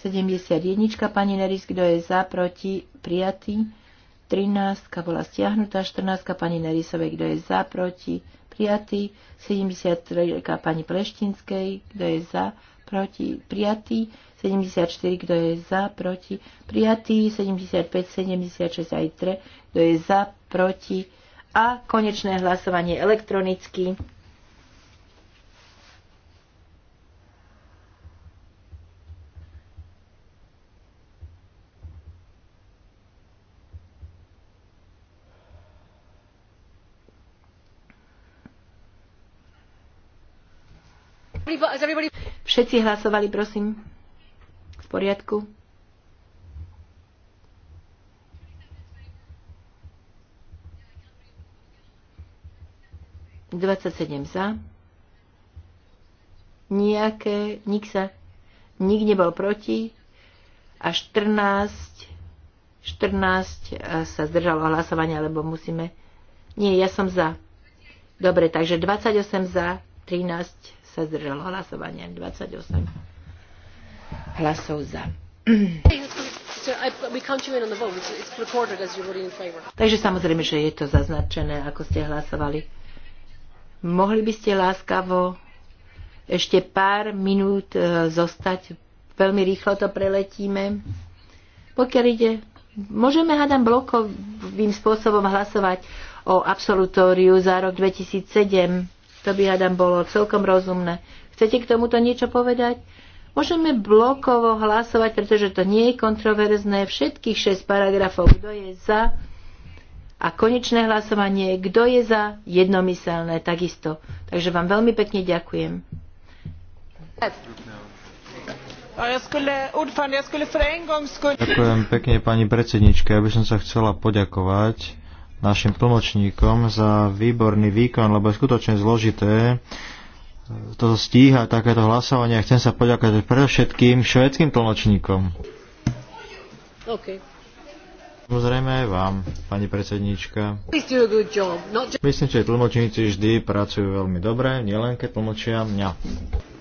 71. Pani Nerys, kto je za, proti, prijatý. 13. bola stiahnutá. 14. Pani Nerisovej, kto je za, proti, prijatý. 73. Pani Pleštinskej, kto je za, proti, prijatý. 74, kto je za, proti, prijatý, 75, 76 aj 3, kto je za, proti, a konečné hlasovanie elektronicky. Všetci hlasovali, prosím. V poriadku. 27 za. Nijaké, nik sa, nik nebol proti a 14, 14 e, sa zdržalo hlasovania, lebo musíme... Nie, ja som za. Dobre, takže 28 za, 13 sa zdržalo hlasovania, 28 hlasov za. Takže samozrejme, že je to zaznačené, ako ste hlasovali. Mohli by ste láskavo ešte pár minút e, zostať? Veľmi rýchlo to preletíme. Pokiaľ ide, môžeme, hádam, blokovým spôsobom hlasovať o absolutóriu za rok 2007. To by, hádam, bolo celkom rozumné. Chcete k tomuto niečo povedať? Môžeme blokovo hlasovať, pretože to nie je kontroverzné. Všetkých 6 paragrafov, kto je za, a konečné hlasovanie, kto je za, jednomyselné takisto. Takže vám veľmi pekne ďakujem. Ďakujem pekne pani predsedničke, Ja by som sa chcela poďakovať našim tlmočníkom za výborný výkon, lebo je skutočne zložité to stíha takéto hlasovanie. Chcem sa poďakovať predovšetkým švedským tlmočníkom. Okay. Samozrejme aj vám, pani predsedníčka. Myslím, že tlmočníci vždy pracujú veľmi dobre, nielen keď tlmočia mňa.